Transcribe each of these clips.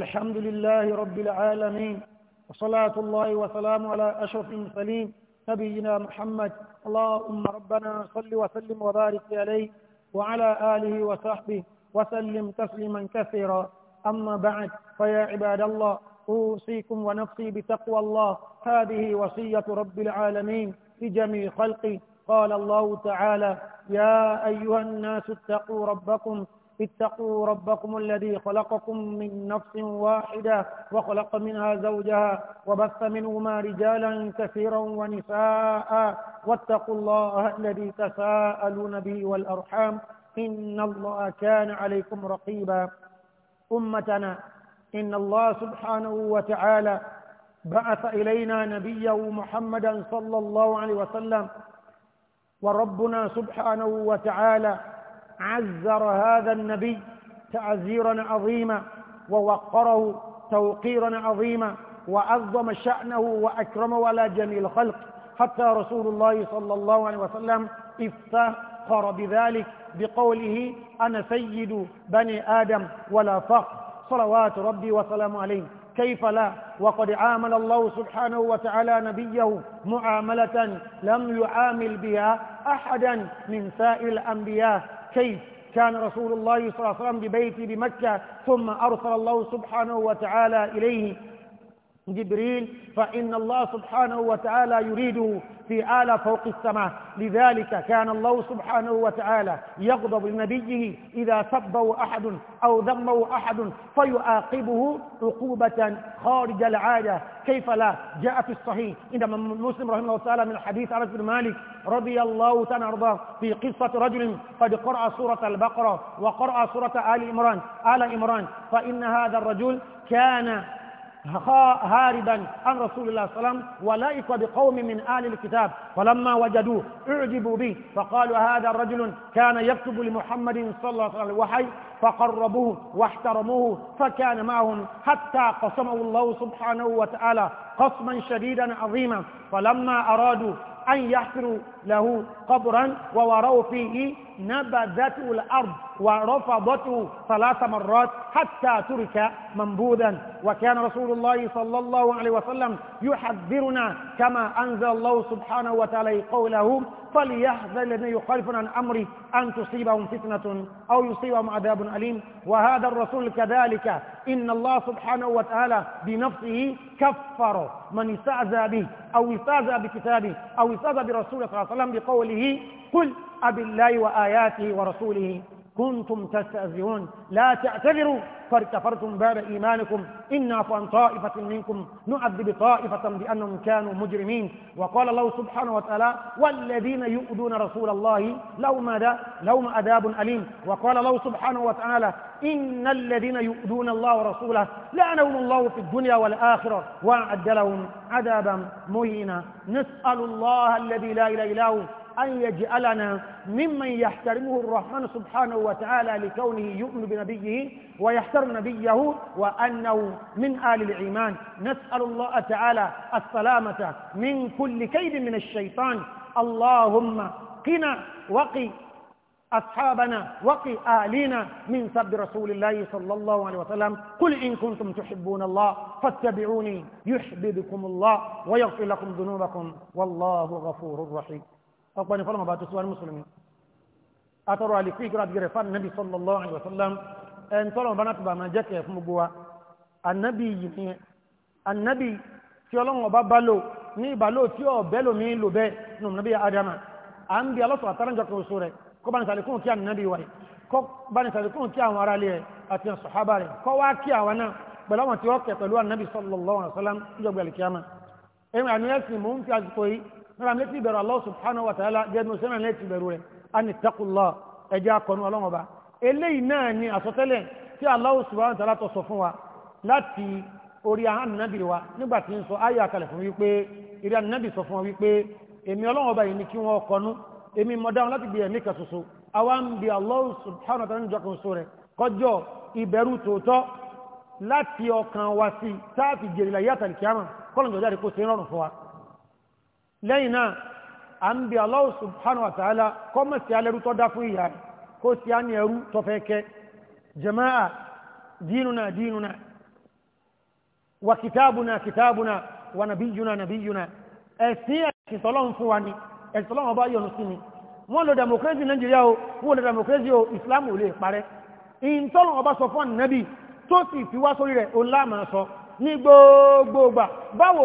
الحمد لله رب العالمين وصلاة الله وسلام على أشرف المرسلين نبينا محمد اللهم ربنا صل وسلم وبارك عليه وعلى آله وصحبه وسلم تسليما كثيرا أما بعد فيا عباد الله أوصيكم ونفسي بتقوى الله هذه وصية رب العالمين لجميع خلقه قال الله تعالى يا أيها الناس اتقوا ربكم اتقوا ربكم الذي خلقكم من نفس واحدة وخلق منها زوجها وبث منهما رجالا كثيرا ونساء واتقوا الله الذي تساءلون به والأرحام إن الله كان عليكم رقيبا أمتنا إن الله سبحانه وتعالى بعث إلينا نبيه محمدا صلى الله عليه وسلم وربنا سبحانه وتعالى عزر هذا النبي تعزيرا عظيما ووقره توقيرا عظيما وعظم شأنه وأكرمه على جميع الخلق حتى رسول الله صلى الله عليه وسلم افتخر بذلك بقوله أنا سيد بني آدم ولا فخر صلوات ربي وسلامه عليه كيف لا وقد عامل الله سبحانه وتعالى نبيه معاملة لم يعامل بها أحدا من سائر الأنبياء كيف كان رسول الله صلى الله عليه وسلم ببيتي بمكة ثم أرسل الله سبحانه وتعالى إليه جبريل فإن الله سبحانه وتعالى يريده في آلة فوق السماء لذلك كان الله سبحانه وتعالى يغضب لنبيه إذا سبه أحد أو ذمه أحد فيعاقبه عقوبة خارج العادة كيف لا جاء في الصحيح عندما مسلم رحمه الله تعالى من حديث أنس بن مالك رضي الله تعالى عنه في قصة رجل قد قرأ سورة البقرة وقرأ سورة آل عمران آل عمران فإن هذا الرجل كان هاربا عن رسول الله صلى الله عليه وسلم ولئك بقوم من آل الكتاب فلما وجدوه اعجبوا به فقالوا هذا رجل كان يكتب لمحمد صلى الله عليه وسلم الوحي فقربوه واحترموه فكان معهم حتى قسمه الله سبحانه وتعالى قسما شديدا عظيما فلما أرادوا أن يحفروا له قبرا ووروا فيه نبذت الأرض ورفضته ثلاث مرات حتى ترك منبوذا وكان رسول الله صلى الله عليه وسلم يحذرنا كما أنزل الله سبحانه وتعالى قوله فليحذر الذين يخالفون عن أمري أن تصيبهم فتنة أو يصيبهم عذاب أليم وهذا الرسول كذلك إن الله سبحانه وتعالى بنفسه كفر من استعزى به أو استعزى بكتابه أو استعزى برسوله صلى الله عليه وسلم بقوله قل أبي الله وآياته ورسوله كنتم تستأذنون لا تعتذروا فارتفرتم كفرتم بعد إيمانكم إنا فأن طائفة منكم نعذب طائفة بأنهم كانوا مجرمين وقال الله سبحانه وتعالى والذين يؤذون رسول الله لهم ماذا لهم عذاب أليم وقال الله سبحانه وتعالى إن الذين يؤذون الله ورسوله لعنهم الله في الدنيا والآخرة وأعد لهم عذابا مهينا نسأل الله الذي لا إله إلا هو أن يجعلنا ممن يحترمه الرحمن سبحانه وتعالى لكونه يؤمن بنبيه ويحترم نبيه وأنه من آل الإيمان نسأل الله تعالى السلامة من كل كيد من الشيطان اللهم قنا وقي أصحابنا وقي آلينا من سب رسول الله صلى الله عليه وسلم قل إن كنتم تحبون الله فاتبعوني يحببكم الله ويغفر لكم ذنوبكم والله غفور رحيم ọ̀pọ̀ ní fọ́lọ̀mọ̀ bá tó síwárí mùsùlùmí àtọrọ àlìkú ìkúrà àti gẹ̀rẹ̀fà nàbí sallallahu alaihi wasallam ẹn tọ́lọ̀mọ̀ bá náà tó bà máa jẹ́ kẹ̀ fún gbogbo wa annabi yìí ni annabi tí ọlọ́run ọba bá lò ní ìbálò tí ọ bẹ́ lómi lò bẹ́ nù nàbí adama à ń bi alọ́sọ̀ àtàrànjọ kan oṣù rẹ̀ kó bá ní sàlékún kí annabi wa kó bá ní sàlékún kí àwọn ará rẹ̀ pẹ̀lú àwọn tí wọ́n kẹ̀ pẹ̀lú annabi sallallahu alaihi wasallam ìjọba alìkíyàmá ẹ̀yìn àníyàn sì ń fi àsìkò yìí rán létí ìbẹ̀rù Allah subhanahu wa ta'ala jẹ́nu sẹ́nà létí ìbẹ̀rù rẹ̀ a ní taqullah ẹjẹ́ akọni ọlọ́run ọba eléyìí náà ni àsọtẹ́lẹ̀ tí Allah subhanahu wa ta'ala tọ̀ sọ fún wa láti orí ahán nàbìrì wa nígbà tí ń sọ ayé àkàlẹ̀ fún wípé ìrìn ànábì sọ fún wa wípé èmi ọlọ́run ọba yìí ni kí wọ́n kọnu èmi mọ̀ dáhùn láti gbé ẹ̀mí kan ṣoṣo àwa ń bi Allah subhanahu wa ta'ala níjọ rẹ̀ kọjọ ìbẹ̀rù tòótọ́ láti ọkàn wa sí táàfì jèrè láyé àtàlìkíámà kọ́lọ̀ jọjáde kó ṣe rọrùn fún wa lẹ́yìn náà a ń bí Allah subhanahu wa ta'ala kọ́mọ̀ sí alẹ́rú tó dá fún ìyá rẹ̀ kó sí á ní ẹrú tó fẹ́ kẹ́ jama'a dínúna dínúna wa kìtàbùna kìtàbùna wa nabiyuna nabiyuna ẹ̀sìn ẹ̀sìn tọ́lọ́n fún wa ni ẹ̀sìn tọ́lọ́n ọba yọnu sí ni wọ́n lo democracy Nigeria o wọ́n lo democracy o Islam ò lè parẹ́ ìntọ́lọ́n ọba sọ fún nàbí tó sì fi wá sórí rẹ̀ ó láàmà sọ ní gbogbogbà báwo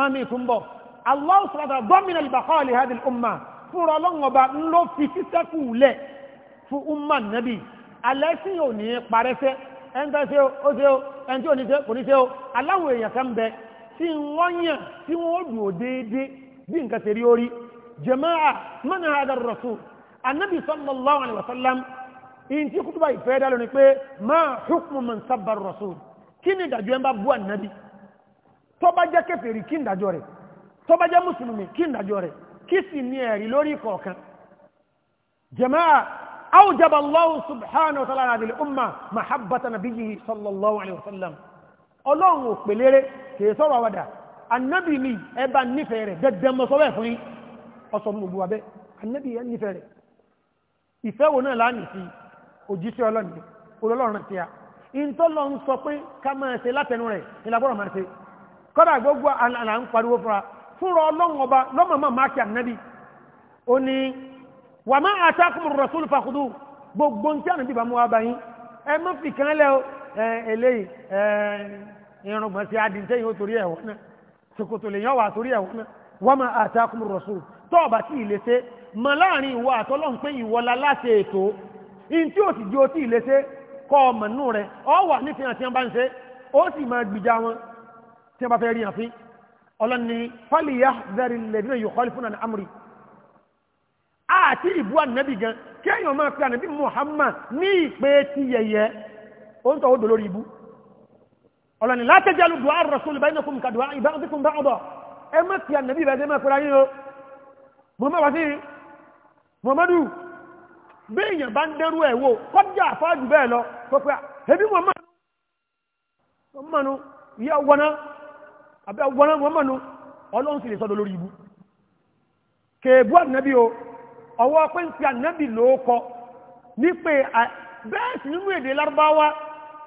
àmì ìtúnbọ̀ Allah sọ̀rọ̀ gómìnà ìbàkọ́ lè hádìí umma fúnra ọlọ́ngọba ń ló fi sísẹ́kù lẹ̀ fún umma nàbì alẹ́sìn ò ní parẹ́sẹ́ ẹ̀ńtà ṣe ó ṣe ó ẹ̀ńtí ò ní ṣe kò ní ṣe ó aláwọ̀ èèyàn kan bẹ tí wọ́n yàn tí wọ́n dùn ó déédéé bí nǹkan ṣe rí orí jama'a mọ́nà àdàr annabi sallallahu alaihi wasallam in ti kútùbà ìfẹ́ dá lónìí pé máa hukmu man sabbar rasul kí ni ìdàjú ẹ bá bú annabi tó bá jẹ́ kèfèrí kí ìdájọ́ rẹ̀ tó bá jẹ́ mùsùlùmí kí ìdájọ́ rẹ̀ kí sì ní ẹ̀rí lórí kọ̀ọ̀kan jama'a awjaba allahu subhanahu wa ta'ala adil umma mahabbata nabiyyi sallallahu alaihi wasallam ọlọ́run ò pèlére kìí sọ́rọ̀ àwàdà annabi ni ẹba nífẹ̀ẹ́ rẹ̀ dẹ̀dẹ̀ mọ́sọ́wẹ́ fún yí ọsọ̀ gbogbo abẹ́ annabi yẹn nífẹ̀ẹ́ rẹ̀ sọ pé ká máa ṣe látẹnu rẹ̀ ìlàgbọ́rọ̀ máa ṣe kọ́dà gbogbo àlà ń pariwo fúnra fúnra ọlọ́run ọba lọ́mọ̀mọ́ máàkì ànábì ó ní wà máa àtàkùn rọ̀súlù fàkúdù gbogbo tí a nàbí bá mú wá yín ẹ mọ́ fi kan lẹ́ eléyìí irùngbọ̀n sí adìntẹ́yìn ó torí ẹ̀wọ̀n náà ṣòkòtò lè yán wà torí ẹ̀wọ̀n náà wà máa àtàkùn rọ̀súlù tọ́ ọ̀bà tí wọ́n bá fẹ́ rí àfin ọlọ́ni fálíyà zẹ́rì lẹ́dínà yóò kọ́lé fún àmúrí àti ìbú ànábì gan kéèyàn máa pe ànábì Muhammad ní ìpè ti yẹyẹ ó ń tọ́wọ́ dolórí ibú ọlọ́ni látẹ́jẹ́ lu dùá rọ̀sùn ìbáyé náà kún ká dùá ìbá ọdún kún bá ọdọ̀ ẹ má pe ànábì ìbáyé máa pera yín o Muhammad wàsí Muhammadu bí èèyàn bá ń dẹ́rú àbẹ́ ọgbọ́n wọn mọ̀nú ọlọ́run sì lè sọ́dọ̀ lórí ibu kèébú ànábì o ọwọ́ pé ń fi ànábì ló kọ ní pé bẹ́ẹ̀ nínú èdè lárúbáwá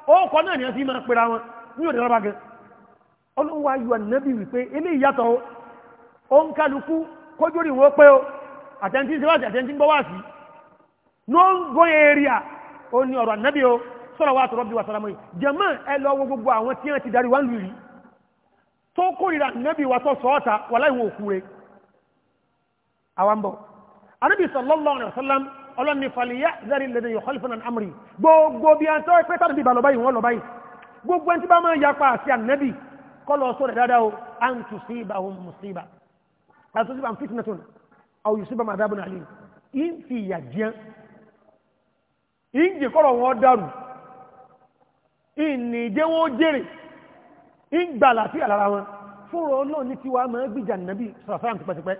ó kọ náà ni a sì máa pera wọn ní èdè lárúbá gan ọlọ́run wá yọ ànábì wípé eléyìí yàtọ̀ o ó ń kálukú kójú rí wọn area ó ní ọ̀rọ̀ ànábì o sọ̀rọ̀ wa àtọ̀rọ̀ bí wa sàlámù yìí jẹ̀mọ́ gbogbo àwọn tí wọ́n ti darí wá lù kórìíra nẹ́bí wa tó sọ́ọ́ta wà láìwọ̀n òkúre àwambọ̀ anábì sallallahu alaihi wasallam ọlọ́ni fàlìyà zari lẹ́dẹ̀ yóò kọlifin an amri gbogbo bí an tọ́ pẹ́ tàbí bá lọ báyìí wọ́n lọ báyìí gbogbo ẹni tí bá máa yapa àti annabi kọlọ sọ́rọ̀ dáadáa o an tusiba hun musiba a tusiba an fitnatun a yusiba ma dábùn alì in fi yà jẹ́ in jẹ́ kọ́rọ̀ wọn in ní jẹ́ wọn in gbà láti àlára wọn fúnra ọlọ́run ní tiwa máa gbìjà nàbí sọ̀rọ̀sọ́rọ̀ tipẹ́tipẹ́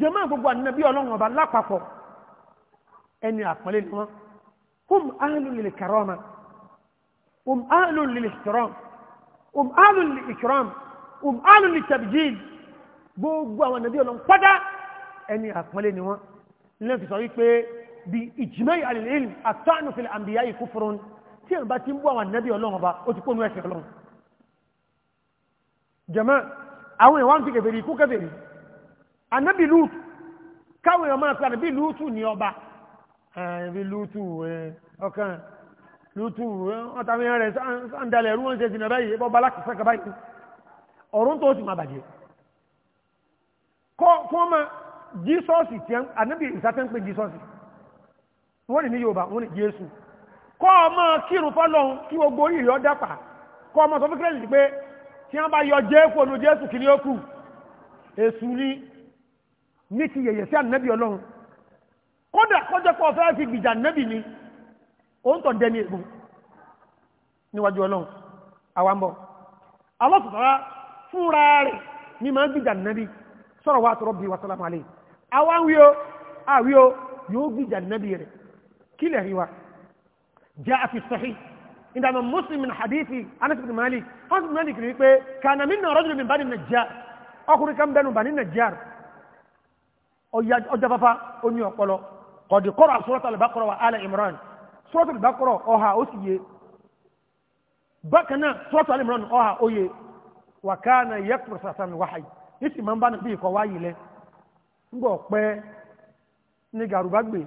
jẹ́mọ́ gbogbo ànàbí ọlọ́run ọba lápapọ̀ ẹni àpọ́nlé ni wọ́n hum ahlu lil karama hum ahlu lil ihtiram hum ahlu lil ikram hum ahlu lil tabjid gbogbo àwọn ànàbí ọlọ́run pátá ẹni àpọ́nlé ni wọ́n lẹ́yìn fi sọ wípé bí ijma'i alil ilm àtọ́nù fil anbiya'i kufrun tí ẹ̀ bá ti ń bú àwọn ànàbí ọlọ́run ọba ó ti kó nu ẹ̀sìn ọlọ́run jẹ́mọ́ àwọn ìwọ́n ti kèfèrè ikú kèfèrè anábì lúùtù káwọn èèyàn máa fi ànábì lúùtù ní ọba ẹ̀ẹ́bí lúùtù ọkàn lúùtù ọ̀tàmìyàn rẹ̀ sáǹdalẹ̀ ẹ̀rú wọn ṣe ti nàbẹ́ yìí bọ́ba láti sẹ́kẹ̀ báyìí ọ̀run tó sì máa bàjẹ́ kọ́ fún ọmọ jísọ́ọ̀sì tí anábì ìsátẹ́ ń pè jísọ́ọ̀sì wọ́n ní ní Yorùbá wọ́n ní Jésù kọ́ ọmọ kírun fọ́lọ́hun kí gbogbo orí ìyọ́ dápà kọ́ ọmọ sọ fún kírẹ́sì pé tí wọ́n bá yọ jésù ònú jésù kìí ó èsù ní ní ti yẹ̀yẹ̀ sí ànábì ọlọ́run kódà kọjọ́ pọ̀ gbìjà ni ó dẹni ègbò níwájú ọlọ́run àwambọ̀ alọ́sọ̀tọ́ra fúnra rẹ̀ ní máa ń gbìjà ànábì wa tọrọ bí yóò gbìjà rẹ̀ àfi عندما مسلم من حديث أنس بن مالك أنس بن مالك يقول كان منا رجل من بني النجار أخر كم بنو بني النجار أجفف أمي أقول قد قرأ سورة البقرة وآل عمران سورة البقرة أوها أسيي بكنا سورة آل عمران أوها أوي وكان يكبر صلى الله عليه وحي يسي من بان بيه قوائي له نقول أقبي نقارو بقبي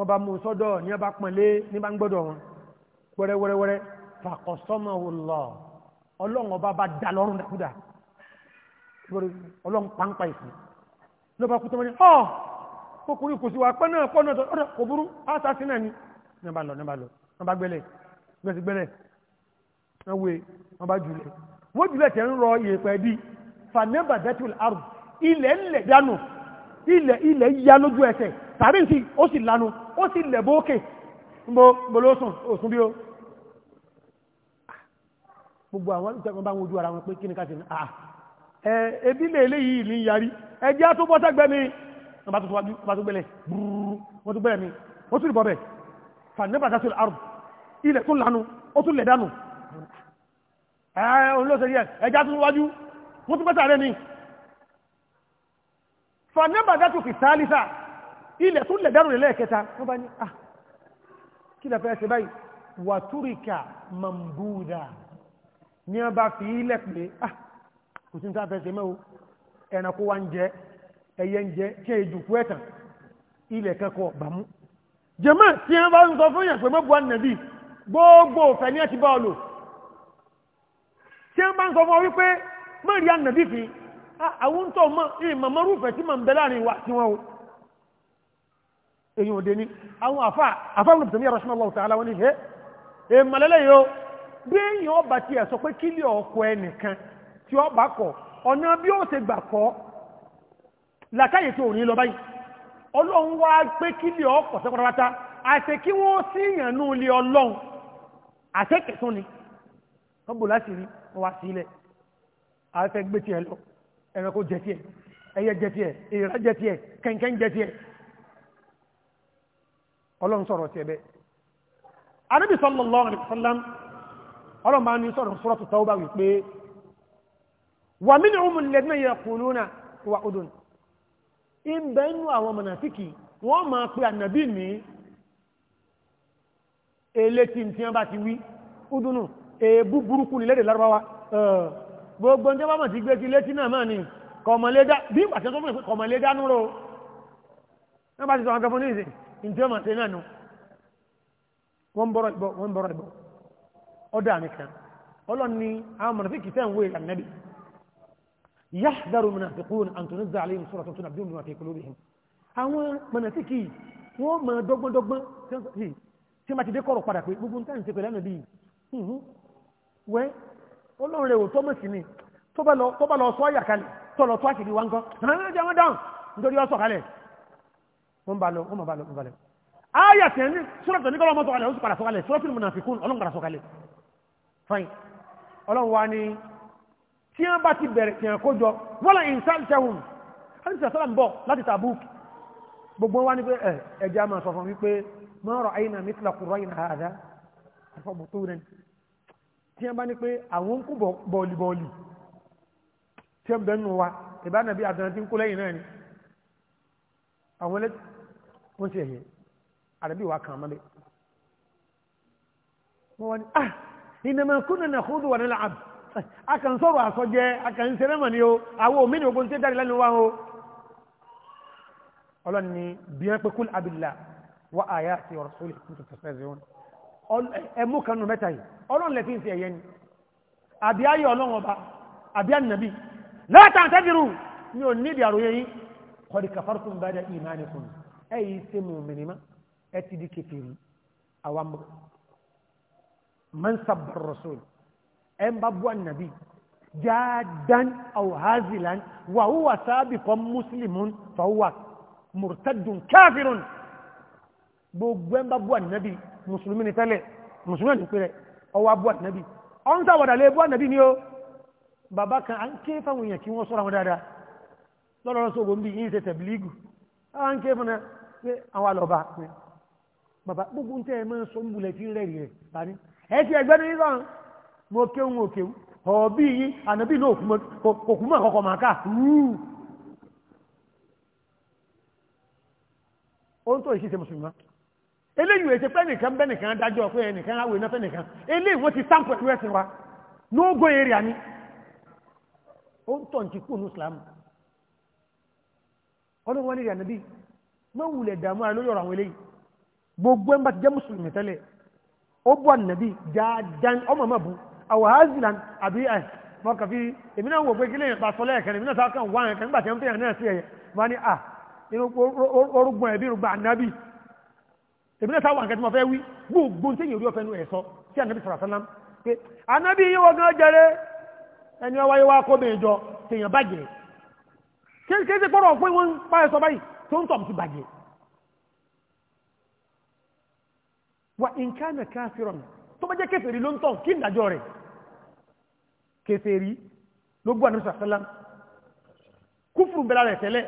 wọ́n bá mú sọ́dọ̀ ní ọba pọ̀nlé ní bá ń gbọ́dọ̀ wọn wẹ́rẹ́wẹ́rẹ́wẹ́rẹ́ fàkọ̀sọ́mọ̀ òlọ́ ọlọ́run ọba bá dá lọ́rùn dàkúdà ọlọ́run pàǹpà ìsìn ló bá kú tó wọ́n ọ́ ọkùnrin kò sí wà pẹ́ náà pọ́ náà ọ̀dọ̀ kò burú ásásí náà ni ní bá lọ ní bá lọ wọ́n bá gbẹ́lẹ̀ gbẹ́sì gbẹ́lẹ̀ wọ́n wé wọ́n bá jùlẹ̀ wọ́n jùlẹ̀ tẹ̀ ń rọ ìyẹ̀pẹ̀ bí fanẹ́bà dẹ́tùl arù ilẹ̀ ńlẹ̀ dánù ilẹ̀ ilẹ̀ ya lójú ẹsẹ̀ tàbí tí ó sì lanu ó sì lẹ̀ bókè gbọ́lọ́sùn òsùn bí ó gbogbo àwọn ìjọba bá ń wojú ara wọn pé kí ni ká ṣe ní àà ẹbí lè léyìí ní yarí ẹjẹ́ á tó bọ́ sẹ́gbẹ́ mi bá tó gbẹ́lẹ̀ búrúrú wọ́n tó fànẹ́bà dátò fi sáálísà ilẹ̀ tó lẹ̀ dárò lẹ́ẹ̀kẹta wọ́n bá ní ah kí lẹ fẹ́ ṣe báyìí wàtúríkà mambuda ní a bá fi ilẹ̀ pé ah kò sí ta fẹ́ ṣe mẹ́wọ́ ẹranko wa ń jẹ ẹyẹ ń jẹ kí ẹ jùkú ẹ̀tàn ilẹ̀ kẹ́kọ̀ọ́ bàmú jẹ́mọ́ tí a bá ń sọ fún yàn mọ́bù ànàbì gbogbo òfẹ́ ní ẹ̀tì àwọn tó ìmọ̀mọ́rú ìfẹ́ tí ma ń bẹ láàrin wa tí wọ́n o èyí òde ní àwọn àfá àfáwọn ìpìtàmí àrọ̀ṣánà lọ́wọ́ tààlà wọ́n ní ṣe é mọ̀lẹ́lẹ́ yóò bí èyàn ọba ti ẹ̀ sọ pé kí lè ọkọ̀ ẹnìkan tí ó bá kọ̀ ọ̀nà bí ó ṣe gbà kọ́ làkáyè tó ní lọ báyìí ọlọ́run wá pé kí lè ọkọ̀ sẹ́kọ̀tàpátá àti kí wọ́n sí ìyànnú ilé ọlọ́run àtẹ́kẹ̀tún ni wọ́n bò láti rí wọ́n wá sílẹ̀ àfẹ́gbẹ́tì ẹ̀ lọ ẹranko jẹ tiẹ̀ ẹyẹ jẹ tiẹ̀ èèrà jẹ tiẹ̀ kẹ̀kẹ́ jẹ tiẹ̀ ọlọ́run sọ̀rọ̀ tiẹ̀ bẹ́ẹ̀ anábì sallallahu alaihi wasallam ọlọ́run bá ní sọ̀rọ̀ suratu tawba wípé wa minhum alladhina yaquluna wa udun ìbẹ̀ẹ́nu àwọn mọ̀nàfíkì wọ́n máa pe ànàbí ní elétí ti wí udunu èébú burúkú nílẹ̀ gbogbo ǹjẹ́ bámọ̀ sí gbé ti létí náà máa ni kọmọlédá bí ìpàṣẹ tó mọ̀ kọmọlédá núró wọ́n bá ti sọ àgbẹ̀fún ní ìsìn ìjọ mà sí náà nù wọ́n bọ́rọ̀ ìbọ̀ wọ́n bọ́rọ̀ ìbọ̀ ọdọ̀ àmì kan ọlọ́run ni àwọn mọ̀nàfí kì fẹ́ ń wé ànábì yáhdaru munafiqun an tunazza alayhim suratun tunabbi'uhum wọ́n mọ̀ dọ́gbọ́ndọ́gbọ́n tí wọ́n ti dé kọ̀rọ̀ padà pé gbogbo nǹkan ìṣẹ̀pẹ̀lẹ́ náà bí wẹ́ olóhùn rẹ̀ ò tọ́mọ̀ sí ni tó bá lọ sọ ọ̀yà kalẹ̀ tó lọ tó àṣírí wa ń kọ́ ṣe wọ́n dáhùn nítorí ọ̀sọ̀ kalẹ̀ wọ́n bá lọ wọ́n bá lọ wọ́n bá lọ. ayà tẹ̀ ní sọ́rọ̀tọ̀ ní kọ́lọ́ mọ́tò kalẹ̀ ó sì padà sọ kalẹ̀ sọ́rọ̀tì mùnàfikún ọlọ́run padà sọ kalẹ̀ fain ọlọ́run wa ni tí wọ́n bá ti bẹ̀rẹ̀ tẹ̀ kójọ wọ́n lọ ìnsán tẹ̀hùn alisa sọ́lá gbogbo wa ni pé eh, ẹ ẹja máa sọ fún mi mọ́rọ̀ ayé na mítìlá kúrọ́ yìí na rẹ̀ tí wọ́n bá ní pé àwọn ń kú bọ́ọ̀lì bọ́ọ̀lì tí wọ́n bẹ̀ nù wa ìbánàbí àtàrà tí ń kú lẹ́yìn náà ni àwọn ilé wọ́n ti ẹ̀yẹ àdàbí ìwà kan mọ́lẹ̀ wọ́n wá ní ah ìnàmọ̀ kúnnà nà kúndù wà nílà àbù a àsọjẹ́ a kàn ń ni ó ẹmú kanú mẹ́ta yìí ọlọ́run lẹ́fí ń fi ẹ̀yẹ ni àbí ayé ọlọ́run ọba àbí ànàbí látà tẹ́bìrù mi ò nídìí àròyé yìí kọ́dí kàfàrùkùn bá dá ìmáni fún mi ẹ yìí ṣe mú mi nìmá ẹ ti di kékeré àwa mọ man sabbar rasul ẹ ń bá bú ànàbí jáadan aw hazilan wa huwa sabiqun muslimun fa huwa murtadun kafirun gbogbo ẹ ń bá bú ànàbí mùsùlùmí ni tẹ́lẹ̀ mùsùlùmí ni pẹ̀rẹ̀ ọwọ́ abúwà nàbí ọ́n sàwọ̀dà lè búwà nàbí ni ó bàbá kan à ń ké fáwọn èèyàn kí wọ́n sọ́ra wọn dáadáa lọ́lọ́rọ́ sóògùn bí yín ṣe tẹ̀bílígù à ń ké fúnra pé àwọn àlọ́ba bàbá gbogbo ń tẹ́ ẹ máa ń sọ ń bulẹ̀ fi rẹ̀ rẹ̀ tani ẹ ti ẹgbẹ́ ní sàn mo kéwù mo kéwù ọ̀ọ́bí yín ànábì náà òkúmọ̀ kọ̀kọ̀ màkà ó ń tó ìṣiṣẹ́ mùsùlùmí eléyìí èsè pé nìkan bẹ́ nìkan dájọ́ pé ẹnìkan awò iná fẹ́ nìkan eléyìí wọ́n ti sáǹpù ẹ̀lú ẹ̀sìn wa lóògó èrè àní ó ń tọ̀ ní ti kú ní Islam ọdún wọn ní ìrìn ànábì má wulẹ̀ dààmú ara lóyọ̀rọ̀ àwọn eléyìí gbogbo ẹ̀mbà ti jẹ́ mùsùlùmí tẹ́lẹ̀ ó bú ànábì ọmọ ọmọ bu àwọ̀ àbí ẹ̀ mọ kàfi èmi náà wò pé kí lèyìn pàṣọ lẹ́ẹ̀kan èmi náà kàn wá ẹ̀kan nígbà tí wọ́n náà sí ẹ̀yẹ wọ́n ní à orúgbọ́n ẹ̀bí rúgbà ànábì èmi náà sáwọn àkẹtí mo fẹ́ wí gbogbo tí yìí orí ọ̀fẹ́ nú ẹ̀sọ́ tí ànábì sọ̀rọ̀ sánám pé ànábì yìí wọ́n gan jẹrẹ ẹni ọwá yìí wá kó bẹ̀rẹ̀ jọ tèèyàn bàjẹ́ kéèké pọ̀rọ̀ pé wọ́n ń pa ẹ̀sọ́ báyìí tó ń tọ̀m ti bàjẹ́ wà nǹkan káfíràn tó bá jẹ́ kèfèrí ló ń tọ̀ kí ìdájọ́ rẹ̀ kèfèrí ló gbọ́ ànábì sọ̀rọ̀ sánám kúfùrù bẹ̀rẹ̀ rẹ̀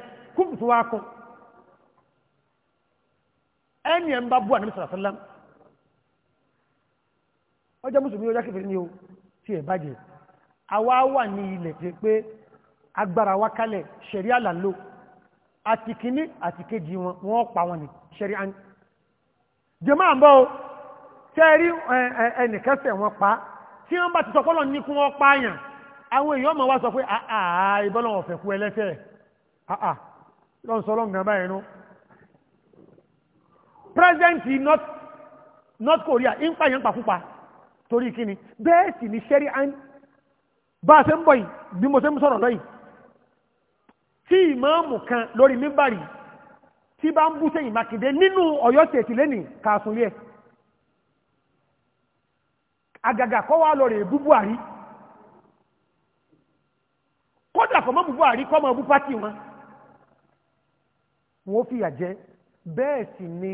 ẹni ẹ̀ ń bá bú ànábì sàrásálá ọjọ́ mùsùlùmí ọjọ́ kẹfẹ́ ni o ti ẹ̀ bàjẹ́ àwa wà ní ilẹ̀ tẹ́ pé agbára wa kalẹ̀ ṣẹ̀rí àlàlò àti kìíní àti kejì wọn wọ́n pa wọn ni ṣẹ̀rí àní jẹmọ́ àbọ́ tẹ́rí ẹnìkẹsẹ̀ wọn pa tí wọ́n bá ti sọpọ́lọ̀ ní kún wọ́n pààyàn àwọn èèyàn ma wá sọ pé àà ìbọ́lọ̀ ọ̀fẹ́ kú ẹlẹ́sẹ̀ àà lọ́nsọ́lọ́ president north north korea ń pààyàn pàkúpa torí kíni bẹ́ẹ̀ sì ni sherry ann bá a ṣe ń bọ̀ yìí bí mo ṣe ń sọ̀rọ̀ lọ́yìn tí ìmáàmù kan lórí mímbàrí tí bá ń bú sẹ́yìn mákindé nínú ọ̀yọ́ tètè lẹ́nì kàásùnlé ẹ̀ àgàgà kọ́ wá lọ rẹ̀ bú buhari kódà kọ́ mọ́ bú buhari kọ́ mọ́ bú pátì wọn wọ́n fìyà jẹ bẹ́ẹ̀ sì ni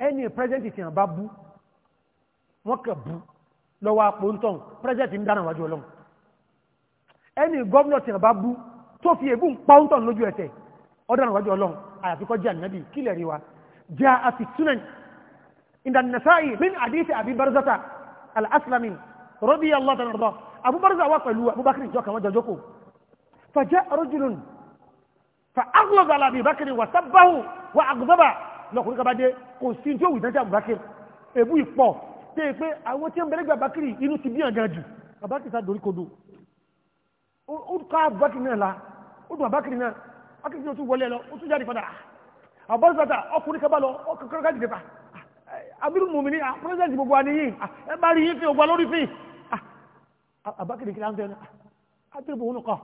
ẹni president ti hàn bá bú wọ́n kẹ̀ bú lọ́wọ́ àpòntàn president ń dáná wájú ọlọ́run ẹni gọ́ọ̀nà ti hàn bá bú tó fi ègún pàóntàn lójú ẹsẹ̀ ọ̀dáná wájú ọlọ́run àyàfikọ́ jẹ́ ànábì kílẹ̀ rí wa jẹ́ àfi sunan inda min hadith abi barzata al-aslami radiyallahu ta'ala anhu lọ́kùnrin kabadé kò sí tí ó wùdán tí àbúbákẹ́ ebú ìpọ̀ tí è pé àwọn tí ó ń bẹ̀rẹ̀ gbà bákìrì inú ti bí àga jù àbákìrì sá dorí kodo ó ká bákìrì náà la ó dùn àbákìrì náà bákìrì náà tún wọlé lọ ó tún jáde padà àbọ́sàtà ọkùnrin kabá lọ ọkùnrin kájì kẹta abiru mùmí ní pírẹsidẹ̀ntì gbogbo àníyìn ẹ bá rí yín fi ọgbà lórí fi àbákìrì kí láńfẹ́ náà àtẹ́bù òun nìkan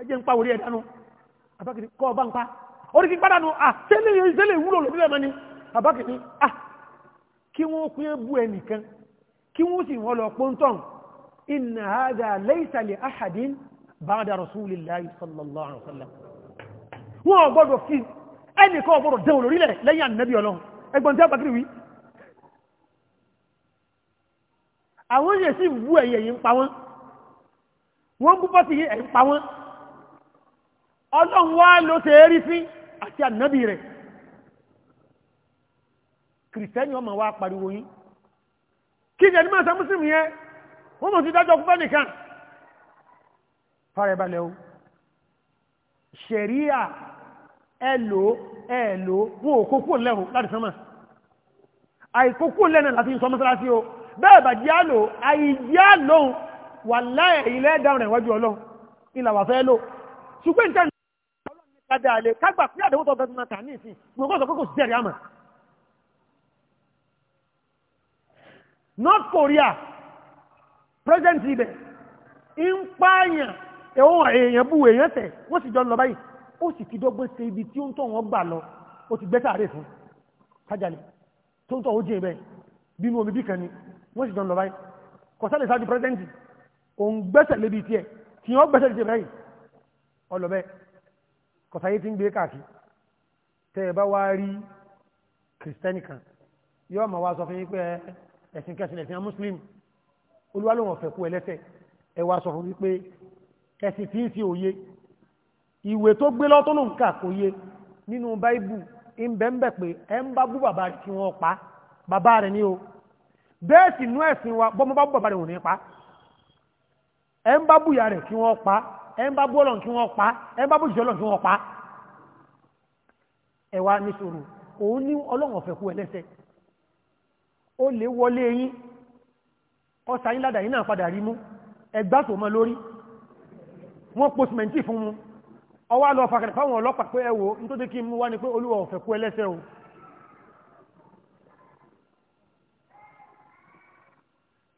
ẹ jẹ́ ń pa orí ẹ̀ dánú àbákìrì kọ́ ọ bá ń pa orí kí pádànù àtẹ́lẹ̀ ìwúlò lórílẹ̀ mẹ́ni àbákìní à kí wọ́n kún ẹbú ẹnìkan kí wọ́n sì wọ́n lọ pọ́ntọ́n inna hadha laysa li ahadin ba'da rasulillahi sallallahu alaihi wasallam wọ́n gbọ́dọ̀ sí ẹ̀yìn pa wọ́n ọlọ́run wá ló ṣe fín àti ànábì rẹ̀ kìrìsìtẹ́nì ọmọ wa pariwo yín kí ni ẹni máa sọ mùsùlùmí yẹn wọ́n mọ̀ sí dájọ́ kúfẹ́ nìkan fara ìbalẹ̀ o ṣẹ̀ríà ẹ̀lò ẹ̀lò wọn ò kókó lẹ́hùn láti sánmà àìkókó lẹ́nà láti sọ mọ́sálásí o bẹ́ẹ̀ bà jẹ́ àlò àìjẹ́ àlòun wà láẹ̀ ilẹ̀ dáhùn rẹ̀ wájú ọlọ́run ìlàwà fẹ́ lò kádà àlè kágbà pé àdéhùn tó fẹ́ẹ́ tà ní ìsìn gbogbo sọ pé kò sí ẹ̀rí àmà. North Korea president ibẹ̀ ń pààyàn ẹ̀wọ̀n èèyàn bú èèyàn tẹ̀ wọ́n sì jọ ń lọ báyìí ó sì ti dọ́gbọ́n ṣe ibi tí ó ń tọ̀ wọ́n gbà lọ ó ti gbẹ́sà rè fún kájàlè tó ń tọ̀ ó jẹ́ ibẹ̀ bínú omi bí kan ni wọ́n sì jọ ń lọ báyìí kọ̀sálẹ̀ sáájú president òun gbẹ́sẹ̀ lébi tiẹ̀ tí wọ́n gbẹ́sẹ̀ lébi rẹ̀ yìí ọlọ́bẹ̀ kọ̀sáyé tí ń gbé káàkiri tẹ́ ẹ bá wá rí kìrìsìtẹ́nì kan yóò máa wá sọ fún yín pé ẹ̀sìn kẹsìn ẹ̀sìn mùsùlùmí olúwa ló wọ́n fẹ́ kú ẹlẹ́sẹ̀ ẹ wá sọ fún yín pé ẹ̀sìn tí ń fi òye ìwé tó gbé lọ́tọ́ ló kò yé nínú báíbù ń bẹ́ ń bẹ̀ pé ẹ ń bá bú bàbá rẹ̀ kí wọ́n pa bàbá rẹ̀ ní o bẹ́ẹ̀ sì nú ẹ̀sìn wa bọ́mọ bá bú bàbá rẹ̀ wò ní pa ẹ ń bá bú rẹ̀ kí wọ́n pa ẹ ń bá bú ọlọ́run kí wọ́n pa ẹ ń bá bú ìṣẹ́ ọlọ́run kí wọ́n pa ẹ wá ní sòrò òun ní ọlọ́run ọ̀fẹ́ kú ẹlẹ́sẹ̀ ó lè wọlé yín ọ̀sà yín ládàá yín náà padà rí mú ẹgbá tó mọ lórí wọ́n po sìmẹ́ǹtì fún mu ọwọ́ lọ fàkàtà fáwọn ọlọ́pàá pé ẹwò nítorí kí mú wá ní pé olúwa ọ̀fẹ́ kú ẹlẹ́sẹ̀ o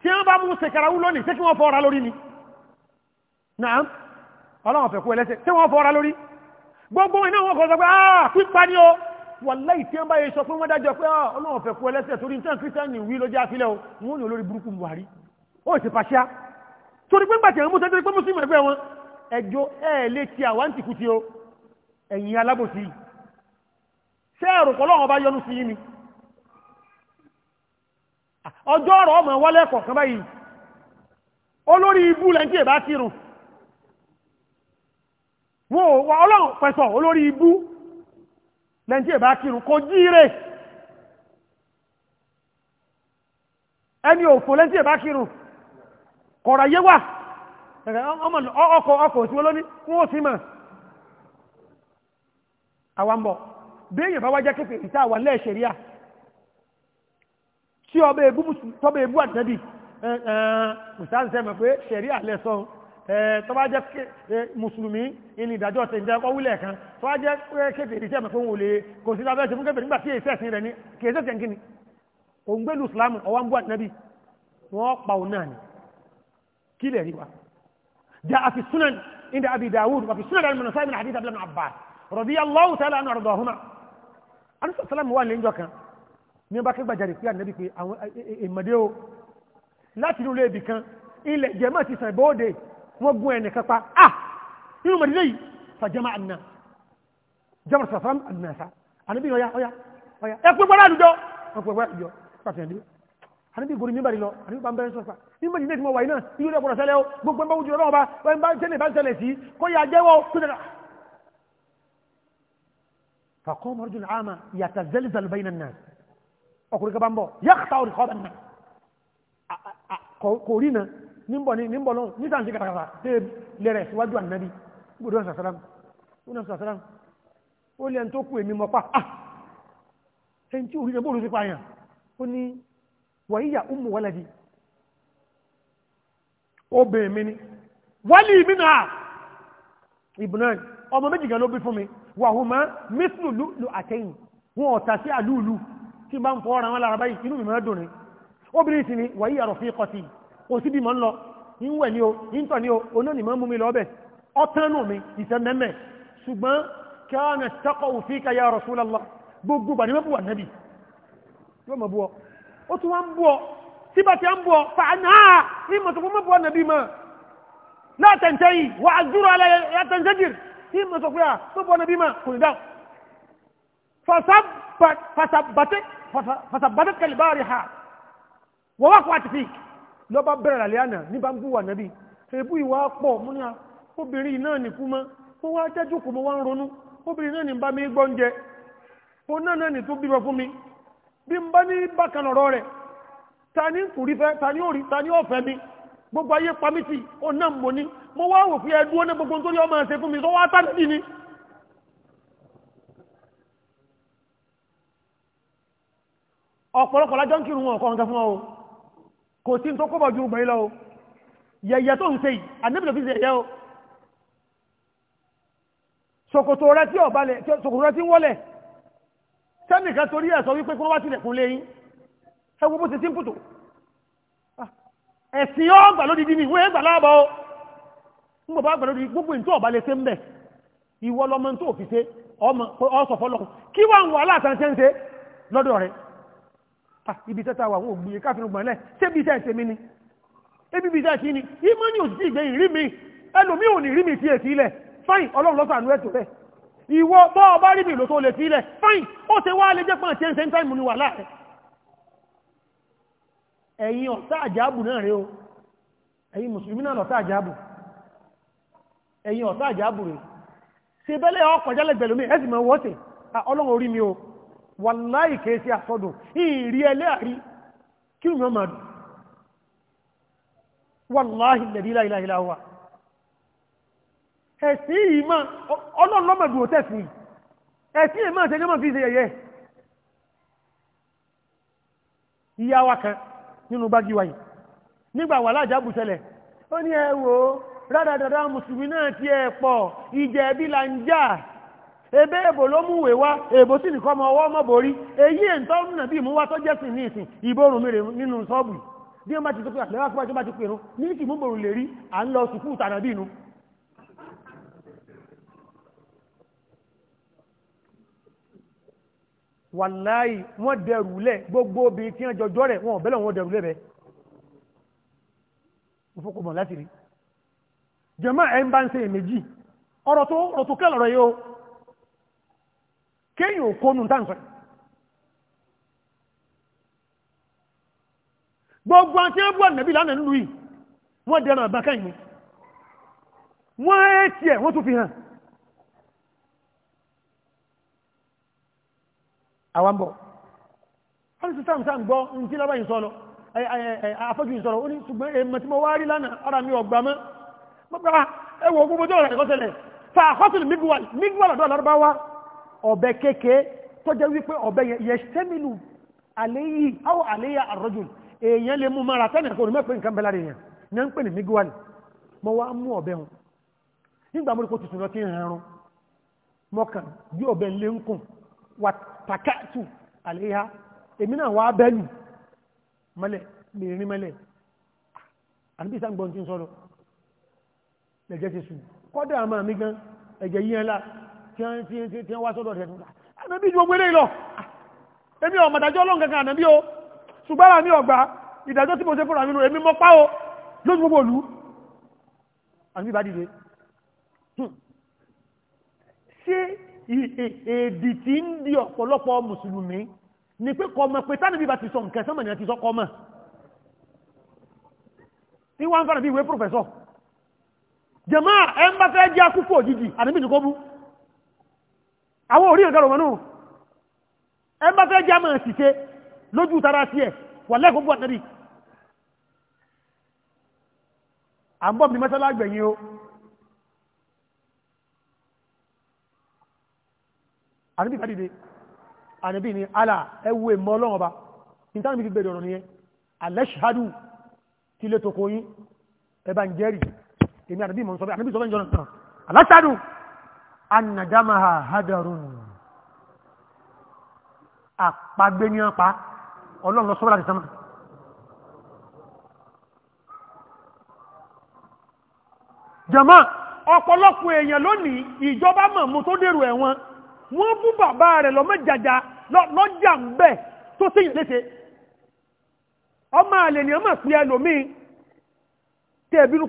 tí wọ́n bá mú sèkàràwú lónìí ṣé kí wọ́n fọ́ ọ̀rá lórí ni náà ọlọ́wọ̀n fẹ̀kú ẹlẹ́sẹ̀ tí wọ́n fọ́ra lórí gbogbo iná wọn kọ̀ sọ pé ah pípa ni o wàláhì tí wọ́n bá yẹ sọ pé wọ́n dájọ́ pé ah, ọlọ́wọ̀n fẹ̀kú ẹlẹ́sẹ̀ torí nǹkan kírísítẹ́nì wí ló jẹ́ àfilẹ̀ o wọ́n ní olórí burúkú Buhari ó sì pàṣá torí pé gbàtẹ̀ mú sẹ́tẹ́rí pé mùsùlùmí ẹgbẹ́ wọn ẹjọ́ ẹ̀ lé ti àwọn ti kùtì o ẹ̀yìn alábòsí ṣé ẹ̀rù kọlọ́wọ́n bá yọnu sí yín ni ọjọ́ ọ̀rọ̀ ọmọ wọlé ẹ̀kọ̀ kan báyìí olórí ibú lẹ́ńtì ẹ̀ bá ti rùn wọ́n ò wọ́n ọlọ́run pẹ̀sọ̀ olórí ibú lẹ́ntí ẹ̀bá kírun kò jíire ẹni òfò lẹ́ntí ẹ̀bá kírun kọ̀rọ̀ yé wà ọkọ̀ ọkọ̀ òsìwó lóní wọ́n ó sì mọ̀ àwambọ̀ béèyàn bá wá jẹ́ kéfèé ìta àwọn lẹ́ẹ̀ṣẹ̀rí à tí ọbẹ̀ ebú àtẹ́bì ẹ̀ẹ̀ẹ̀ mùsáǹsẹ́ mọ̀ pé ṣẹ̀rí àlẹ́sọ́n tó bá jẹ́ mùsùlùmí ní ìdájọ́ tẹ̀ ìjẹ́ ọkọ̀ kan tó bá jẹ́ kéfèrí tí ẹ̀mọ̀ pé òun lè kò sí lábẹ́ ṣe fún kéfèrí nígbà tí èsì ẹ̀sìn rẹ̀ ní kèsì ni kí lè rí wa jẹ́ dawud wàfi sunan al manasai min hadith abdullahi abbas radiyallahu ta'ala anhu ardahuma anusa salam wa le njọ kan ní bá kẹgbà jàre pé ànábì pé àwọn èmàdé o ilẹ̀ jẹ́mọ̀ ti sàn bóde wọ́n gún ẹni kápá ah inú mọ̀dílé yìí fàjẹ́mà àná jẹ́mà sàfàm ànàṣà àníbí ọya ọya ọya ẹ pẹ́ pẹ́lá àdújọ́ ọpẹ́pẹ́ ìjọ pàtẹ́ndé àníbí gorí mímbàrí lọ àníbí bá ń bẹ́rẹ̀ sọ́fà nígbà jílé tí mo wà iná ilé ilé ọ̀pọ̀lọ̀ sẹ́lẹ̀ gbogbo ẹgbẹ́ ojú ọlọ́ọ̀bá wọ́n فقام رجل عامة يتزلزل بين الناس ọkùnrin kan bá ń bọ̀ yàtọ̀ kò rí náà níbọ̀ ní níbọ̀ lọ́n ní sàǹsì kàtàkàtà tí lẹ́rẹ̀ síwájú ànábì gbọdọ̀ sàṣàrán gbọdọ̀ sàṣàrán ó lẹ́n tó kú èmi mọ́pá ah! ẹni tí òrìṣẹ́ bóòlù sí pààyàn ó ní wàíyà umu wàlàdì obìnrin mi ni wálì mi náà ìbùnà ọmọ méjì gan ló bí fún mi wàhùnmá mísìlù lù àtẹ́yìn wọn ọ̀tà sí àlúùlù tí bá ń fọ́ ara wọn ni wàíyà rọ̀ fi sí kò síbi mọ́ ń lọ ìwẹ̀ ni o ìntọ̀ ni o onáni mọ́ mú mi lọ bẹ̀ ọtánù mi ìsẹ́mẹ́mẹ́ ṣùgbọ́n kana taqaw fika ya Rasulallah gbogbo bà ní mẹ́bùwà lọ bá bẹ̀rẹ̀ àlẹ́ àná ní bá ń bú wà nábì èbú ìwà pọ̀ mú ní obìnrin náà nìkú mọ́ ó wá jẹ́jú kò mọ́ wá ń ronú obìnrin náà ní bá mi gbọ́ oúnjẹ ó náà náà ní tó bímọ fún mi bí n bá ní bákan ọ̀rọ̀ rẹ̀ ta ní kùrí fẹ́ ta ní òrí ta ní ọ̀fẹ́ mi gbogbo ayé pamítì ó náà mọ̀ ní mo wá wò fí ẹdú ọ́nà gbogbo nítorí ọmọ ẹ̀sẹ̀ fún mi tó wá tánìdì ni ọ̀pọ̀lọpọ̀ lájọ́ ń kírun ọ̀kọ̀ nǹkan fún ọ kò sí tó kọ́bọ̀ ju obìnrin lọ o yẹ̀yẹ̀ tó ń ṣe yìí ànábì ló fi ṣe yẹ̀ o ṣòkòtò rẹ tí ọ̀balẹ̀ ṣòkòtò rẹ tí ń wọ́lẹ̀ sẹ́nìkan torí ẹ̀ sọ wípé kó wá tilẹ̀kùn lẹ́yìn ẹ wo bó ṣe símpùtò ah, ẹ̀sìn ọgbà ló dìdí ní ìwé ẹgbà láàbọ̀ ó ń bọ̀ bá gbà lórí gbogbo ìtọ́ ọ̀bá lè ṣe ń bẹ̀ ìwọ lọmọ tó fi ṣe ọsọ fọlọ́kùn kí wà ń wà látàntẹ́ ń ṣe ibi tẹ́ta wà wọn ò gbìyànjú káfíń gbọ̀n lẹ̀ ṣé ibi tẹ́ ẹ̀ṣẹ̀ mi ni ebi ibi tẹ́ ni mi ẹlòmí ò ní rí mi tí èsì ilẹ̀ fáìn ọlọ́run àánú ẹ̀tọ́ rẹ̀ ìwọ bọ́ ọba rí mi lò tó lè sí ilẹ̀ fáìn ó ṣe wá lè jẹ́ pọ́n ṣe ń sẹ́ńtà ìmúni wà láàrẹ̀ ẹ̀yin ọ̀tá àjábù náà o ẹ̀yin mùsùlùmí náà lọ́tá àjábù ẹ̀yin àjábù ṣe bẹ́lẹ̀ wàláì kèé sí àsọdùn ìrí ẹlẹ́àrí kí ní ọmọ àdù wàláì lẹ̀dí láìláìláwà ẹ̀sí ìmá ọlọ́lọ́mọ̀dù ò tẹ́sì ẹ̀sí ìmá eti fi ṣe ìyá wa kan nínú bágíwá yìí nígbà wà onye bùsẹ̀lẹ̀ ó ní musulmi ti ebe ebo ló mú wèwá ebo sí nìkan ọmọ ọwọ́ mọ́borí èyí èntọ́ nínà bí ìmúwá tó jẹ́sìn ní ìsìn ìbòrùn mi nínú sọ́ọ̀bù bí wọ́n bá ti tó tó bá lè rí à ń lọ sùkúù tànà bí inú wàláì wọ́n gbogbo obìnrin tí wọ́n jọjọ́ rẹ̀ mo fọ́kọ̀ mọ̀ láti rí kéyìn òkónú táǹsọ̀ gbogbo àti ẹgbọ́ nẹ̀bí lánàá nílùú yìí wọ́n dẹ̀rọ àbákẹ́yìn wọ́n ẹ̀ẹ́tì ẹ̀ wọ́n tún fi hàn àwambọ̀ ọ́nà sísàm sáà gbọ́ ní tí lábáyìn sọ́lọ afọ́jú ìsọ̀rọ̀ ó ní ṣùgbọ́n èèmọ̀ tí mo wá rí lánàá ara mi ọgbà mọ́ ẹwọ̀ gbogbo tó rẹ̀ kọ́sẹ̀lẹ̀ fà àkọ́sùn mígbùwà lọ́dọ̀ lọ́rọ̀ bá wá ọ̀bẹ kéèké tó jẹ́ wípé ọ̀bẹ yẹ̀ṣẹ́mìlù àléyìí áwọ̀ àléyà àrọ́jùn èèyàn lè mú mara tẹ́nà kò ní mẹ́pẹ́ nǹkan bẹ́lá rèèyàn ní ń pè ní miguel mọ́ wá mú ọ̀bẹ hun nígbà mọ́ kó tuntun lọ tí ń hàn mọ́kàn bí ọ̀bẹ lè ń kùn wà pàkàtù àléyà èmi náà wá bẹ́lù mọ́lẹ̀ gbọ́n tí ń sọ́rọ̀ lẹ́jẹ́ ti sùn kọ́dà máa mi gan ẹ̀jẹ̀ yíyan tí wọ́n ti ti ti wá sọ́dọ̀ rẹ̀ nígbà ànábì ju ogbélé lọ èmi ò mọ̀dájọ́ ọlọ́run kankan ànábì o ṣùgbọ́n àmì ọ̀gbà ìdájọ́ tí mo ṣe fúnra mi nù èmi mọ́ pá o lójú gbogbo òlu ànábì bá dìde hmm. ṣé èdì tí ń di ọ̀pọ̀lọpọ̀ mùsùlùmí ni pé kọmọ pé tánàbí bá ti sọ nǹkan ti sọ kọmọ̀ tí wọ́n ń fẹ́ àwọn orí ìrọ̀gá rọ̀mọ̀nù ẹ bá fẹ́ jámọ̀ ṣìṣe lójú tara sí ẹ̀ wà lẹ́kùn bọ̀ tẹ́rì à ń bọ̀ mi mẹ́sàlá gbẹ̀yìn o àníbì kádìde àníbì ni alà ẹwú èmọ́ ọlọ́run ọba ìtànàmì fi gbèrè ọ̀rọ̀ nìyẹn alẹ́ṣàdù tí lè tòkó ẹbà ń jẹ́rì èmi àníbì mọ̀ sọ́bẹ̀ àníbì sọ́bẹ̀ ń anna damaha hadarun àpagbé ní ọpa ọlọ́run lọ sọ́wọ́lá ti jama lónìí ìjọba mọ̀ mú tó dèrò ẹ̀wọ̀n wọ́n bú bàbá rẹ̀ lọ́mọ́jàjà lọ́jà ń bẹ̀ tó sí ìlése ọmọ àlè ni ma pí elomi tẹ́ ẹ̀bínú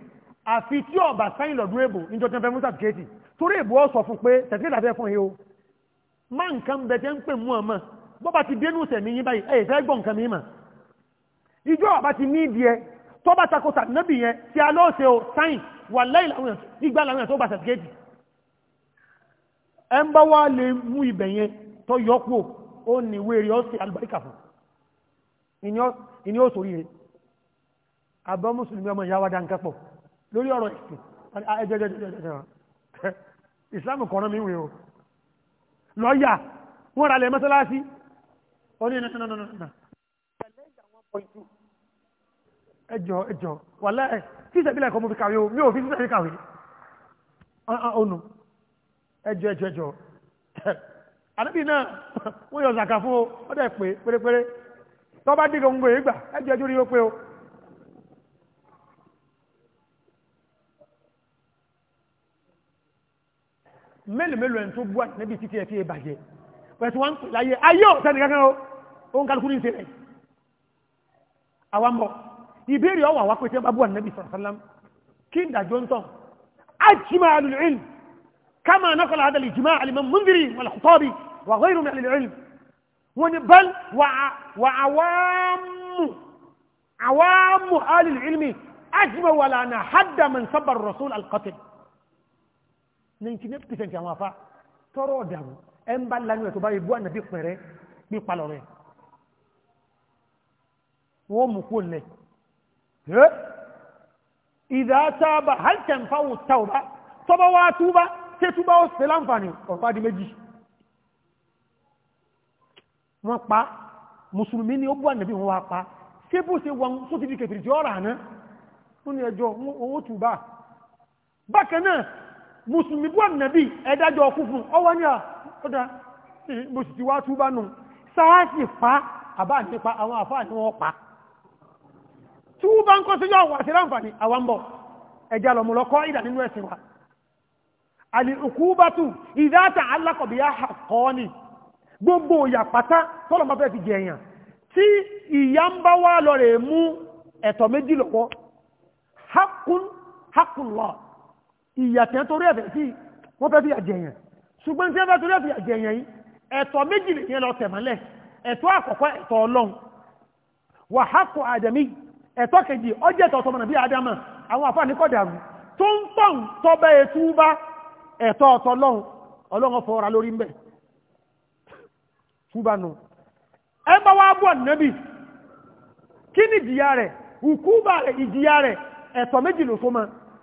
àfi tí ọba sáyìn lọ́dún èbò níjọ tí wọ́n fẹ́ mú sàtìkéètì torí èbò ọ̀ sọ fún pé sàtìkéètì àfẹ́ fún yín o má nǹkan bẹ̀ tẹ́ ń pè mú ọmọ bọ́ba ti dénú sẹ̀mí yín báyìí ẹ̀yẹ̀ fẹ́ gbọ́ nǹkan mi mà ìjọ ọba ti ní ìdí ẹ tọ́ba takò sàtìnẹ́bì yẹn tí a lọ́ọ́ ṣe o sáyìn wà lẹ́yìn làwọn ìgbà làwọn tó gba sàtìkéètì ẹ ń bá wá lè mú ibẹ̀ yẹn tó yọpọ̀ ó ní wéèrè ó sì alùbáríkà fún ìní ó sòrí rẹ̀ àbọ̀ mùsùlùmí ọmọ ìyá wa dá nǹkan pọ̀ lórí ọ̀rọ̀ ìsìn ẹjẹjẹjẹjẹjẹ ìsìlámù kọ̀ọ̀rọ̀ mi wè o lọ́ọ̀yà wọ́n ra lẹ̀ mọ́sálásí ó ní nànànànà ẹjọ ẹjọ wàlẹ́ náà wọ́n yọ zàkà fún o ó dẹ̀ pé ń gbé rí ó pé o mélòó mélòó ẹni tó bú àtìlẹ́bì títí ẹ̀ tí ẹ bàjẹ́ pẹ̀sí wọ́n pè láyé ayé ọ̀sẹ́ni kankan o ó ń kálukú ní ìṣẹ̀lẹ̀ àwọn mọ̀ ìbéèrè ọwà wá pé tí wọ́n bá bú àtìlẹ́bì sàrásálám kí n dàjọ́ ń tàn ájìmá alùlùm kama nakọlá adàlì jìmá alìmọ̀ múndìrì wàlùkọ́bì wà gbẹ́rù ninety-eight percent àwọn afa tọrọ ọ̀dàrú ẹ̀ ń bá lanu ẹ̀ tó bá yẹ bú ànàbí pẹ̀rẹ́ bí palọ̀ rẹ̀ wọ́n mú kó lẹ̀ ẹ́ ìdá tábà hàlìkẹ̀ǹfà wò táwọ̀bá tọ́bá wá túbá tí túbá ó sì láǹfààní ọ̀pá di méjì wọ́n pa mùsùlùmí ni ó bú ànàbí wọn wá pa ṣé bó ṣe wọn tó ti di kẹfìrì tí náà ó ẹjọ́ owó túbá bákan náà mùsùlùmí bú ànàbí ẹ̀dájọ́ ọkú fún ọwọ́ ní ọ̀dá mùsùlùmí hmm, ti wá túbá nù sáàsì pa àbá àti pa àwọn àfáà ní wọ́n pa túbá ń kọ́ síjọ́ wà sí láǹfààní àwọn bọ̀ ẹjá lọ mọ̀lọ́kọ́ ìdà nínú ẹ̀sìn wa alìkúbátù ìdáta alákọ̀bíyá àkọ́ọ́nì gbogbo ìyà pátá tọ́lọ̀ ìyàtẹ̀ torí ẹ̀fẹ̀ sí wọ́n fẹ́ fi àjẹyàn ṣùgbọ́n tí wọ́n fẹ́ torí ẹ̀fẹ̀ àjẹyàn yìí ẹ̀tọ́ méjì lè yẹn lọ tẹ̀mọ́lẹ̀ ẹ̀tọ́ àkọ́kọ́ ẹ̀tọ́ ọlọ́run wà àdẹ̀mí ẹ̀tọ́ kejì ẹ̀tọ́ ọ̀tọ́mọ̀nà àwọn tó ń tọ́bẹ̀ ètú bá ẹ̀tọ́ ọ̀tọ́ ọlọ́run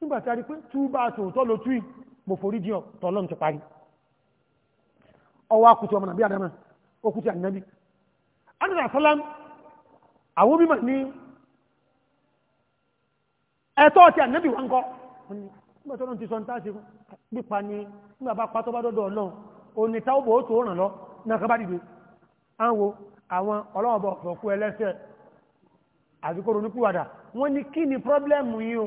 nígbàtí a rí pé tú bá tòótọ́ ló tú mo forí jí ọ tọ́lọ́n ti parí ọwọ́ akùtù ọmọ nàbí àdámà okùtù ànábì anìyàn àsálám àwọn mímọ̀ ní ẹ̀tọ́ ti ànábì wọn kọ́ nígbàtí ọlọ́run ti sọ níta ṣe pípa ni nígbà bá pátọ́ bá dọ́dọ̀ ọlọ́run òní táwọn bò ó tó ràn lọ náà kábàdì dé àwọn àwọn ọlọ́run bọ̀ fọ̀kú ẹlẹ́sẹ̀ àbíkó ronúkúwàdà wọ́n ní kí ni pírọ́blẹ́mù yìí o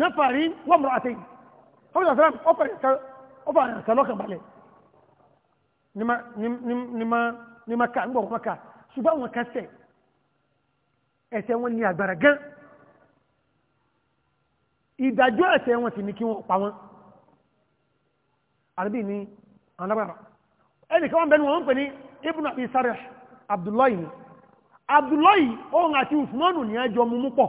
náfàrí wọ́n mọ̀ àti ọmọdásílám ọfà àkàlọ́kà balẹ̀ ní maka ń gbọ̀rọ̀ maka ṣùgbọ́n wọn kásẹ̀ ẹ̀ṣẹ̀ wọn ni àgbàrà gan ìdájọ́ ẹ̀ṣẹ̀ wọn sì ní kí wọ́n pa wọn àrẹ́bí ni alábàrà ẹnìkan wọn bẹnu wọn pè ní ibùn àbí sáré abdullahi abdullahi ohun àti usmanu ni ẹjọ mú mú pọ̀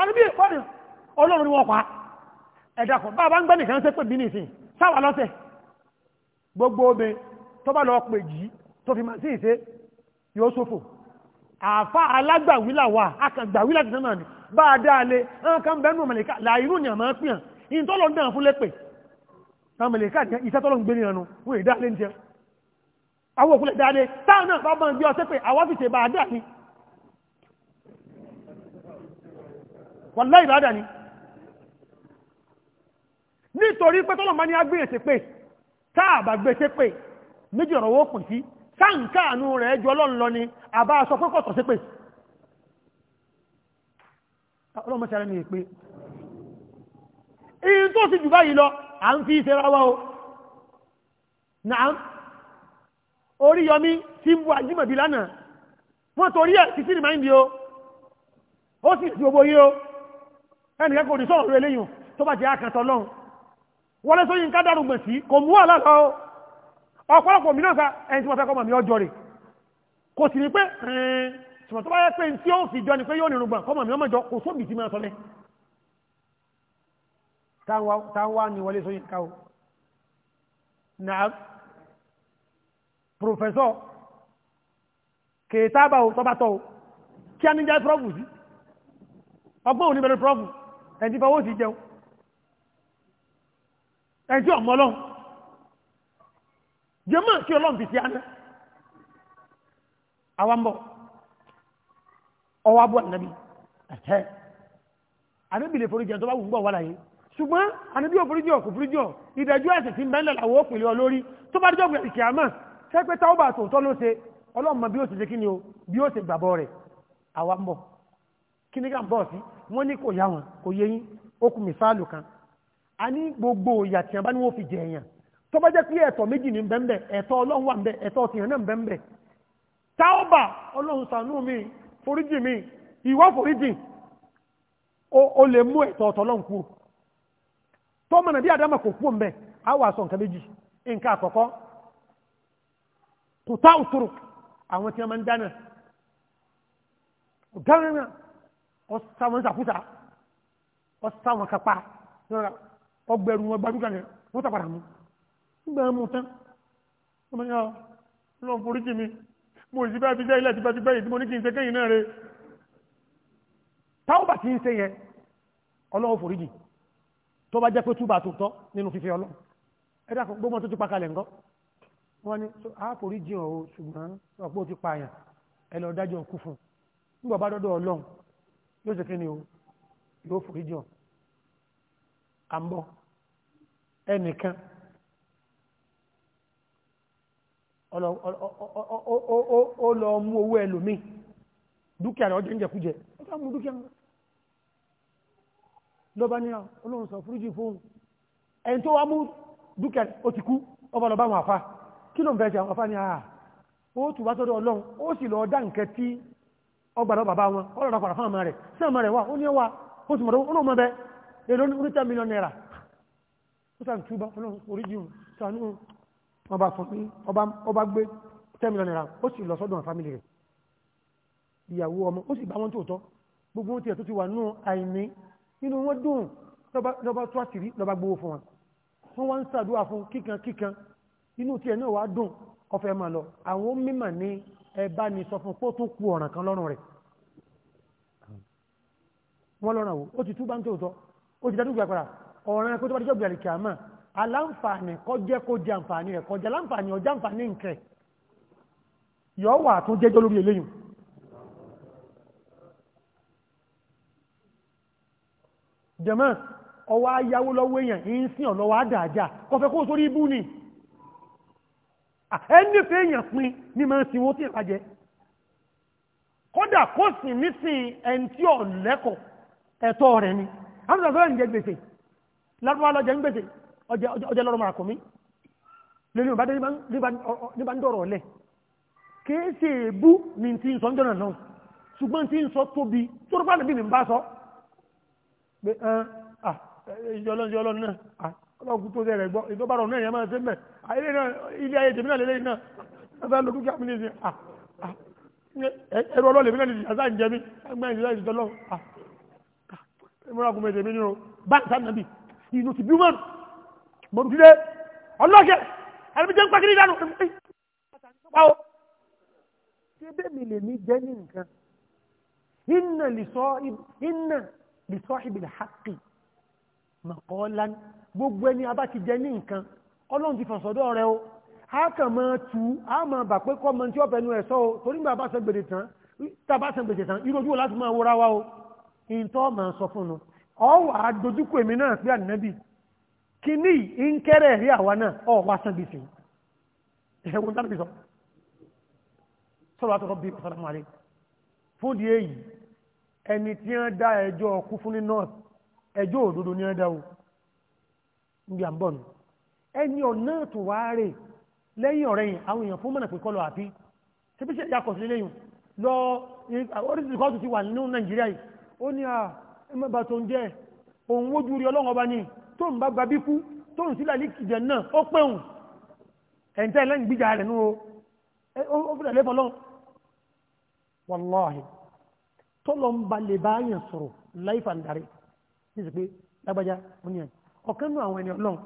àríbí ìpọ́dì ọlọ́run ni wọ́n pa ẹ̀dàkọ̀ bá bá ń gbẹ́ nìkan sẹ́pẹ̀ bí nìsìn sáwà lọ́sẹ̀ gbogbo obe tó bá lọ pè jí tó fi máa sí ìṣe yóò ṣòfò àfá alágbàwílà wà akàgbàwílà ti sánà ní bá a dá alé ẹnkan bẹ́nu mẹ̀lẹ́kà láìrú ni àmà pìyàn in tọ́lọ náà fún lẹ́pẹ̀ táwọn mẹ̀lẹ́kà ní iṣẹ́ tọ́lọ ń gbé nìyànú wọ́n èdá alé ń jẹ àwọn òkúlẹ̀ dáadé táwọn náà bá bá ń gbé ọsẹ́pẹ̀ àwọn fi ṣe bá a dá ní wàlá ìbádà ni nítorí pé tọ́lọ̀ máa ní agbéyèsè pé táàbà gbèsè pé méjì ọ̀rọ̀ owó pùn sí sáǹkàánú rẹ̀ jọ lọ́nlọ ni àbá aṣọ pé kọ̀tọ̀ sí pé ọlọ́mọsẹ̀rẹ́ ni èpé èyí tó sì jù báyìí lọ à ń fi ìṣe ráwá o náà orí yọmí tí ń bu àjímọ̀bí lánàá wọ́n torí ẹ̀ títí rìmáìndì o ó sì ti gbogbo yìí ẹnìyàn kò ní sọ̀rọ̀ rẹ̀ léyìn tó bá jẹ́ àkàtọ̀ lọ́hùn wọlé sóyìn ká dárò gbèsè kò mú àlá lọ ọ̀pọ̀lọpọ̀ mìíràn sa ẹni tí wọ́n fẹ́ kọ́ màmí ọjọ́ rẹ̀ kò sì ní pé ṣùgbọ́n tó bá yẹ pé tí ó fi jọ ni pé yóò nínú gbà kọ́ màmí ọmọ jọ kò sóbì tí máa sọ lẹ́ táwa ni wọlé sóyìn ká o na pòfẹ́sọ̀ kèétábà o tọ́bátọ́ o kí a ní jẹ́ prọ́fù sí ọgbọ́n òní bẹ̀rẹ̀ prọ́fù ẹni tí fọwọ́ sí jẹun ẹni tí ọmọ ọlọ́run jẹmọ́ kí ọlọ́run fi sí aná àwambọ̀ ọwọ́ abúwà nàbí ẹ̀hẹ́ ànábì lè foríjì tó bá wùgbọ́ wà láyé ṣùgbọ́n ànábì òforíjì ọ̀kù foríjì ọ̀ ìdájọ́ ẹ̀sẹ̀ tí ń bẹ́ńlẹ̀ làwọ́ òpèlè olórí tó bá dẹ́jọ́ ìkì àmà sẹ́pẹ́ táwọ́bà tòótọ́ ló ṣe ọlọ́run mọ bí ó ṣe ṣe kí ni o bí ó ṣe gbàbọ́ rẹ̀ àwambọ̀ kí ni ká ń bọ̀ sí wọ́n ní kò yá wọn kò yé yín ó kù mìsáàlù kan a ní gbogbo ìyà tí a bá ní wọ́n fi jẹ èèyàn tó bá jẹ́ pé ẹ̀tọ́ méjì ní bẹ́ẹ̀ ẹ̀tọ́ ọlọ́run wà bẹ́ẹ̀ ẹ̀tọ́ tìyàn náà bẹ́ẹ̀ táọ́bà ọlọ́run mi foríjì mi foríjì o lè mú ẹ̀tọ́ ọ̀sáwọn sàkúta ọ̀sáwọn kápá ọgbẹ̀rù wọn gbadúgbà yẹn wọ́n tàpàdà mú nígbà mú tán ọmọ yẹn ah, lọ́n forí jì mí mo sì bá fi jẹ́ ilé àtibá ti bẹ́yìn tí mo ní kí n ṣe kẹ́yìn náà rẹ táwọn bá ti ń ṣe yẹn ọlọ́wọ́ forí jì tó bá jẹ́ pé túbà tó tọ́ nínú fífi ọlọ́ ẹ dákun gbọ́mọ tó ti pa kalẹ̀ ńkọ́ wọ́n ní àforíjì ọ̀ ṣùgbọ́n ọ̀pọ̀ ti pààyàn ẹ lọ dájọ́ kú fún un nígbà bá dọ́dọ̀ ọlọ́run yóò ṣe kí ni o yóò forí jọ àmbọ ẹnìkan ó lọ mú owó ẹlòmíì dúkìá rẹ̀ ọjọ́ ìjẹkújẹ ó sá mú dúkìá rẹ̀ lọ́ba ní ọlọ́run sọ fúrújì fún ẹni tó wá mú dúkìá ó ti kú ọba lọ bá wọn àfá kí ló ń fẹ́ ṣe àwọn àfá ní àà ó tù wá sọ́dọ̀ ọlọ́run ó sì lọ dá nǹkan tí ọgbàdọ̀ bàbá wọn ọ̀rọ̀ padà fún àmà rẹ̀ sí àmà rẹ̀ wà ó ní ọwà ó sì mọ̀rọ̀ ọlọ́mọ bẹ èrò ní ten million naira ó sàn túbá oríjì sànú ọba fún mi ọba gbé ten million naira ó sì lọ sọ́dọ̀ fámìlì rẹ̀ ìyàwó ọmọ ó sì bá wọn tòótọ́ gbogbo ohun tiẹ̀ tó ti wà nù àìní nínú wọn dùn lọ́ba tó àṣírí lọ́ba gbowó fún wọn wọ́n wá ń sàdúrà fún kíkan kíkan inú tiẹ̀ náà wá dùn ọ̀fẹ́ máa lọ àwọn mímọ̀ ní ẹ̀bá ni sọ fún pó tún kú ọ̀ràn kan lọ́rùn rẹ̀ wọ́n lọ́rùn àwò ó ti túbá ń tó tọ́ ó ti dádúgbà padà ọ̀ràn ẹ̀kọ́ tó bá díjọ́ gbìyànjú kìámà aláǹfààní kọjẹ́ kó jẹ àǹfààní rẹ̀ kọjá aláǹfààní ọjà àǹfààní nkẹ yọ wà tún jẹjọ lórí eléyìn jẹmọ́ ọwọ́ ayáwó lọ́wọ́ èèyàn ń sìn ọ̀ lọ́wọ́ àdáàjà kọfẹ́ kó sórí ibú ni Ah, ẹni fẹ́ èèyàn pin ní máa ń sin owó tí ìpa jẹ kódà kó sì nísìn ẹni tí ò lẹ́kọ̀ọ́ ẹ̀tọ́ rẹ̀ ni àwọn ìsọ̀rọ̀ ìjẹ gbèsè lárúbá lọ́jẹ́ ń gbèsè ọjẹ́ lọ́rọ̀ máa kò mí lórí ìbá níbà ń dọ̀rọ̀ lẹ̀ kéèsè èbú ni ti ń sọ ń jọ́nà náà ṣùgbọ́n ti ń sọ tóbi tó rúbá nàbí mi ń bá sọ pé ah, ọlọ́run náà ah, ọlọ́run tó rẹ̀ gbọ́ ètò bára ọ̀nà ẹ̀yà máa ṣe mẹ́ ilé ayé tèmi náà lélẹ́yìn náà ọba lọ dúkìá mi ní ìsìn ẹ̀rọ ọlọ́ọ̀lẹ̀ mi náà ní ìsìn àṣà ìjẹmi ẹgbẹ́ ìṣẹ́ ìṣẹ́ lọ ìmúrakùnmọ̀ ètèmi ní o bá ìsá nàbì inú ti bímọ mo ti dé ọlọ́ọ̀kẹ́ ẹni jẹ́ ń pàkiri dànù ṣébẹ́ mi lè ní jẹ́ ní inna lè sọ ìbìlẹ̀ haqqi mọ̀kọ́lán gbogbo ẹni abá ti jẹ ní nǹkan ọlọ́run ti fọ̀sọ̀dọ̀ rẹ o a kàn máa tu a máa bà pé kọ́ mọ́ntí ọ̀bẹ nu ẹ̀sọ́ o torí mi àbá san gbèdè tán tàbá san gbèdè tán irú ojú wo láti máa wọra wa o ìntọ́ máa sọ fún un ọ wà á dojúkọ èmi náà pé ànábì kíní ìńkẹ́rẹ̀ rí àwa náà ọ wá san gbèsè ìṣẹ́gun tàbí sọ sọ́rọ̀ àtọ́rọ̀ bí ọ̀sán fún di èyí ẹni tí wọ́n dá ẹjọ́ kú fún ní north ẹjọ́ òdodo ní ẹ́dá o níbi àbọ̀ nù ẹni ọ̀nà tó wá rè lẹ́yìn ọ̀rẹ́ yìí àwọn èèyàn fún mọ̀nà pé kọlọ̀ àbí tí bí ṣe yàkọ̀ sí lẹ́yìn lọ oríṣiríṣi kọ́ọ̀tù ti wà nínú nàìjíríà yìí ó ní à tó ń jẹ́ òun wójú rí ọlọ́run ọba ni tó ń bá gba bíkú tó ń sílẹ̀ ní kìjẹ̀ náà ó pẹ̀hùn ẹ̀ǹtẹ́ ẹlẹ́yìn gbíjà rẹ̀ nú o ó fi lẹ́fọ́ lọ́n life and ní sí pé lágbájá ó ní ẹ̀ ọ̀kan nú àwọn ẹni ọlọ́run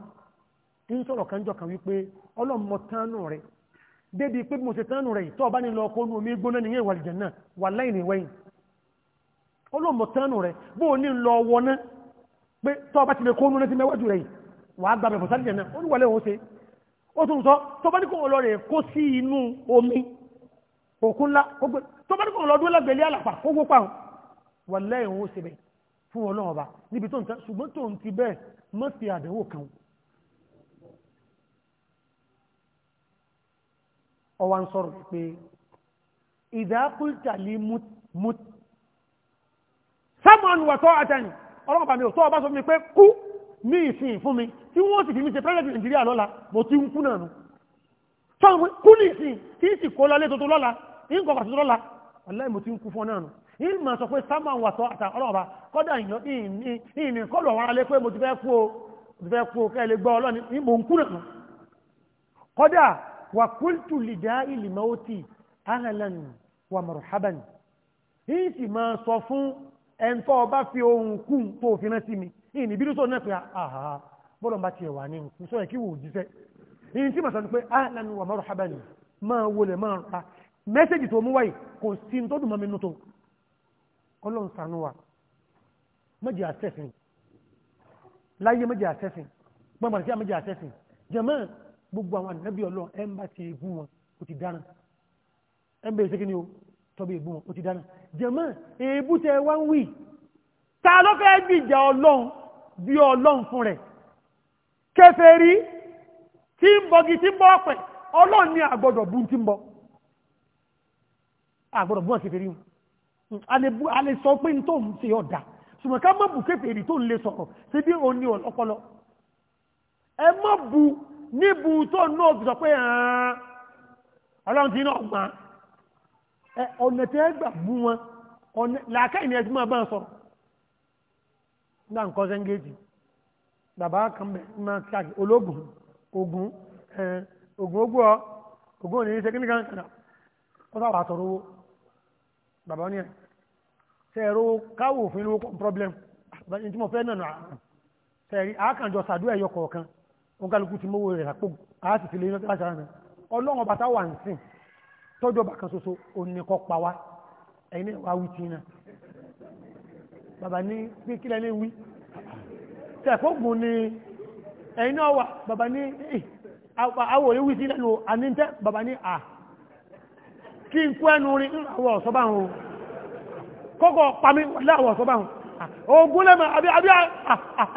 ń sọ̀rọ̀ kan jọ kan wípé ọlọ́run mọ tánú rẹ̀ débi pé mo ṣe tánú rẹ̀ tó ọba ní lọ kó nu omi gbóná ní ìwà àlùjánnà wà láì ní wẹ́yìn ọlọ́run mọ tánú rẹ̀ bó ní lọ wọná pé tó ọba ti lè kó nu létí mẹ́wájú rẹ̀ wàá gbàgbẹ́ fọ́sálì jẹ̀ náà ó ní wọlé òun ṣe ó tún sọ tó bá ní kó lọ rẹ̀ kó sí inú omi òkun ńlá bá ní kó lọ dúró lágbèlé àlàpà kó gbó pa wọn wọlé ṣe bẹ́ẹ̀ fún ọlọ́run ọba níbi tó ń tẹ́ ṣùgbọ́n tó ń ti bẹ́ẹ̀ mọ́ sí àdánwò kan ọwá ń sọ̀rọ̀ pé ìdákùtàlí mut someone wà tọ́ àtẹni ọlọ́run ọba mi ò tọ́ ọba sọ mi pé kú ní ìsìn fún mi tí wọ́n sì fi mi ṣe president Nàìjíríà lọ́la mo ti ń kú náà nù tọ́ kú ní ìsìn tí sì kó lọlé tuntun lọ́la ní nǹkan pàṣẹ lọ́la aláì mo ti ń kú fún náà ìmọ̀ sọ pé sámà wà sọ àtà ọlọ́ọ̀bá kọ́dà ìní kọ́lọ̀ wọn alẹ́ pé mo ti fẹ́ kú o mo ti fẹ́ kú o kẹ́ lè gbọ́ ọlọ́ni ìmọ̀ ń kúrò kan kọ́dà wà kúltù lè dá ìlì mọ́tì ahlan wà marhaban yìí sì máa sọ fún ẹ̀ńtọ́ ọba fi ohun kú tó fi sí mi ìní bí tó náà pé àhà bọ́lọ̀ bá tiẹ̀ wà ní nkú sọ yẹ wò jíṣẹ́ yìí sì máa sọ pé ahlan wà marhaban máa wọlé máa ra mẹ́sẹ̀jì tó mú wáyé kò sí tó dùn mọ́ mi nù tó kọ́lọ̀ ń sànú wa mọ́jì àtẹ́sìn láyé mọ́jì àtẹ́sìn gbọ́nbọ̀n sí àmọ́jì àtẹ́sìn jẹ́mọ́ gbogbo àwọn ànábì ọlọ́ ẹmbà ti ebú wọn ó ti dáná ẹmbà ìṣẹ́kí ni ó tọ́bí ebú wọn ó ti dáná jẹ́mọ́ ebú tẹ wá ń wì ta ló fẹ́ gbìjà ọlọ́run àgbọ̀dọ̀ bú ti ń bọ àgbọ̀dọ̀ a lè sọ pé tó ń ṣe ọ̀dà ṣùgbọ́n ká má bù kéfèèrè tó ń lè sọ̀rọ̀ sí bí òun ni ọ̀pọ̀lọ ẹ má bù níbu tó ń náà sọ pé ọlọ́run ti náà gbà ọ̀nà tí ẹ gbà bú wọn làákàyè ni ẹ ti máa bá ń sọ̀rọ̀ náà nǹkan sẹ́ńgéèjì bàbá kan bẹ̀ máa kíákì ológun ogun ogun ogun ọ ogun ò ní í ṣe kí ní kan kàdà ó sábà sọ̀rọ̀ owó bàbá ní ẹ̀ sẹ́ẹ̀rọ káwò fún ilé problem ní tí mo fẹ́ nànà sẹ́ẹ̀rí àákànjọ sàdúrà ẹ̀yọ kọ̀ọ̀kan oníkálukú ti mówó rẹ̀ àpò àti ti lè ní ọjọ́ àṣà náà ọlọ́run ọba táwà ń sìn tọ́jú ọba kan ṣoṣo oníkọ́ pa wá ẹ̀yin náà wá wí tí náà bàbá ní pé kílẹ̀ ní wí tẹ̀kọ́gùn ni ẹ̀yin kí n kú ẹnu orí àwọn ọ̀sọ́báhùn kọ́kọ́ pàmí láwọn ọ̀sọ́báhùn ogun lẹ́mọ̀ àbí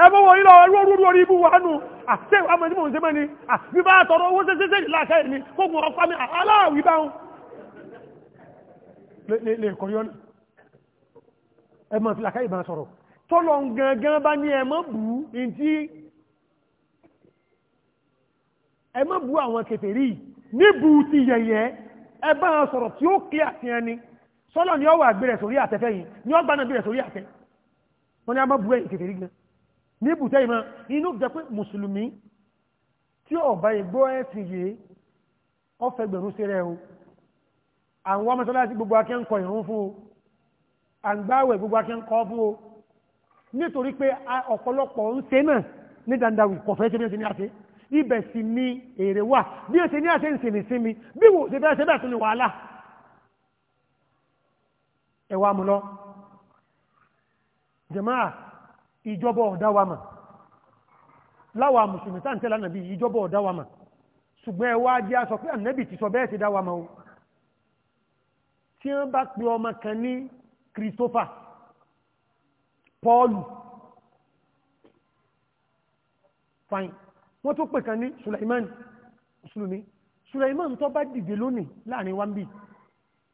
ẹbọ́wọ̀ ilọ̀ orúurú orí ibú wánú àti àmọ́ tí mò ń ṣe mẹ́ni bí bá tọrọ owó ṣe ṣe láàṣẹ ìní kókùn ọpámi aláàwí báhùn lè kọ̀yọ́ ẹmọ̀ fìlàkà ìbá sọ̀rọ̀ tọ́lọ gangan bá ní ẹmọ́ bú in tí ẹmọ́ bú ti yẹ̀yẹ́ ẹ bá wọn sọ̀rọ̀ tí ó kí àfihàn ni sọ́lọ̀ ni ó wà gbé rẹ̀ sórí àtẹ́fẹ́ yìí ni ó gbá náà gbé rẹ̀ sórí àtẹ́ wọn ni a máa bu ẹ̀yìn kèfèrí gan ní ibùtẹ́ ìmọ̀ inú jẹ́ pé mùsùlùmí tí ọba ìgbó ẹ̀sìn yìí ọ fẹ́ gbẹ̀rún sí rẹ̀ o àwọn ọmọ sọ́láṣí gbogbo akẹ́ńkọ̀ ìrún fún o àgbáwẹ̀ gbogbo akẹ́ńkọ̀ fún o nítorí pé ọ̀pọ̀lọpọ̀ ń ṣe náà ní dandawi kọ̀fẹ́ ṣe bí wọ́n ṣe ibẹ̀ sì ni èrè wà bí o ṣe ní àṣẹ ìsìn ìsinmi bí wò ṣe bẹ́ẹ̀ ṣe bẹ́ẹ̀ tún ni wàhálà ẹwà mú lọ jàmáà ìjọba ọ̀dáwàmà láwà mùsùlùmí tá ń tẹ́lá nàbí ìjọba ọ̀dáwàmà ṣùgbọ́n ẹwà jẹ́ aṣọ pé ànábì ti sọ bẹ́ẹ̀ ṣe dáwàmà o tí wọ́n bá pe ọmọ kan ní Christopher Paul fine wọ́n tó pè kan ní Suleiman Musulumi Suleiman tó bá dìde lónìí láàrin wa ń bì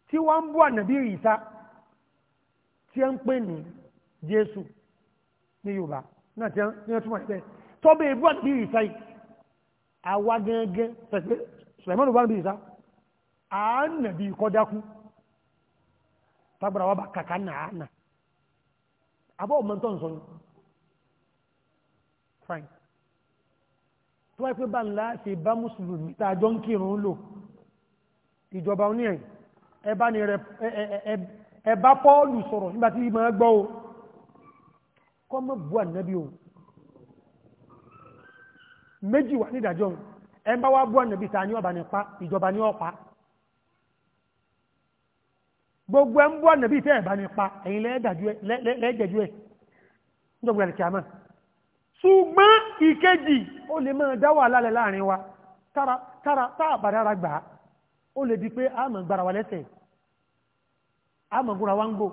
tí wọ́n ń bú ànàbí ìta tí ń pè ní Jésù ní Yorùbá náà tí wọ́n túmọ̀ síbẹ̀ tó bẹ́ẹ̀ bú ànàbí ìta yìí àwa gẹ́gẹ́ pẹ̀sẹ̀ Suleiman ló bá ànàbí ìta ànàbí kọjákú tábàrà wa bá kàkà nàá nà àbọ̀ ọmọ tó ń sọ fine tó wáyé pé bá ńlá ṣe bá mùsùlùmí tàjọ ń kírun lò ìjọba oníyàn ẹbá ni rẹ ẹbá pọ́ọ̀lù sọ̀rọ̀ nígbàtí ìmọ̀ ẹgbọ́ o kọ́ mọ́ bú ànábì o méjì wà ní ìdájọ́ ẹmbá wá bú ànábì ta ní ọba nípa ìjọba ní ọpa gbogbo ẹ ń bú ànábì tẹ́ ẹ̀bá nípa ẹ̀yìn lẹ́ẹ̀dẹ̀jú ẹ̀ níjọba ìrìnkì àmà ṣùgbọ́n ìkejì ó lè máa dá wà láàrin wa tára tára táàbàdára gbà á ó lè di pé a máa gbára wa lẹ́sẹ̀ a máa gbúra wa ń gbò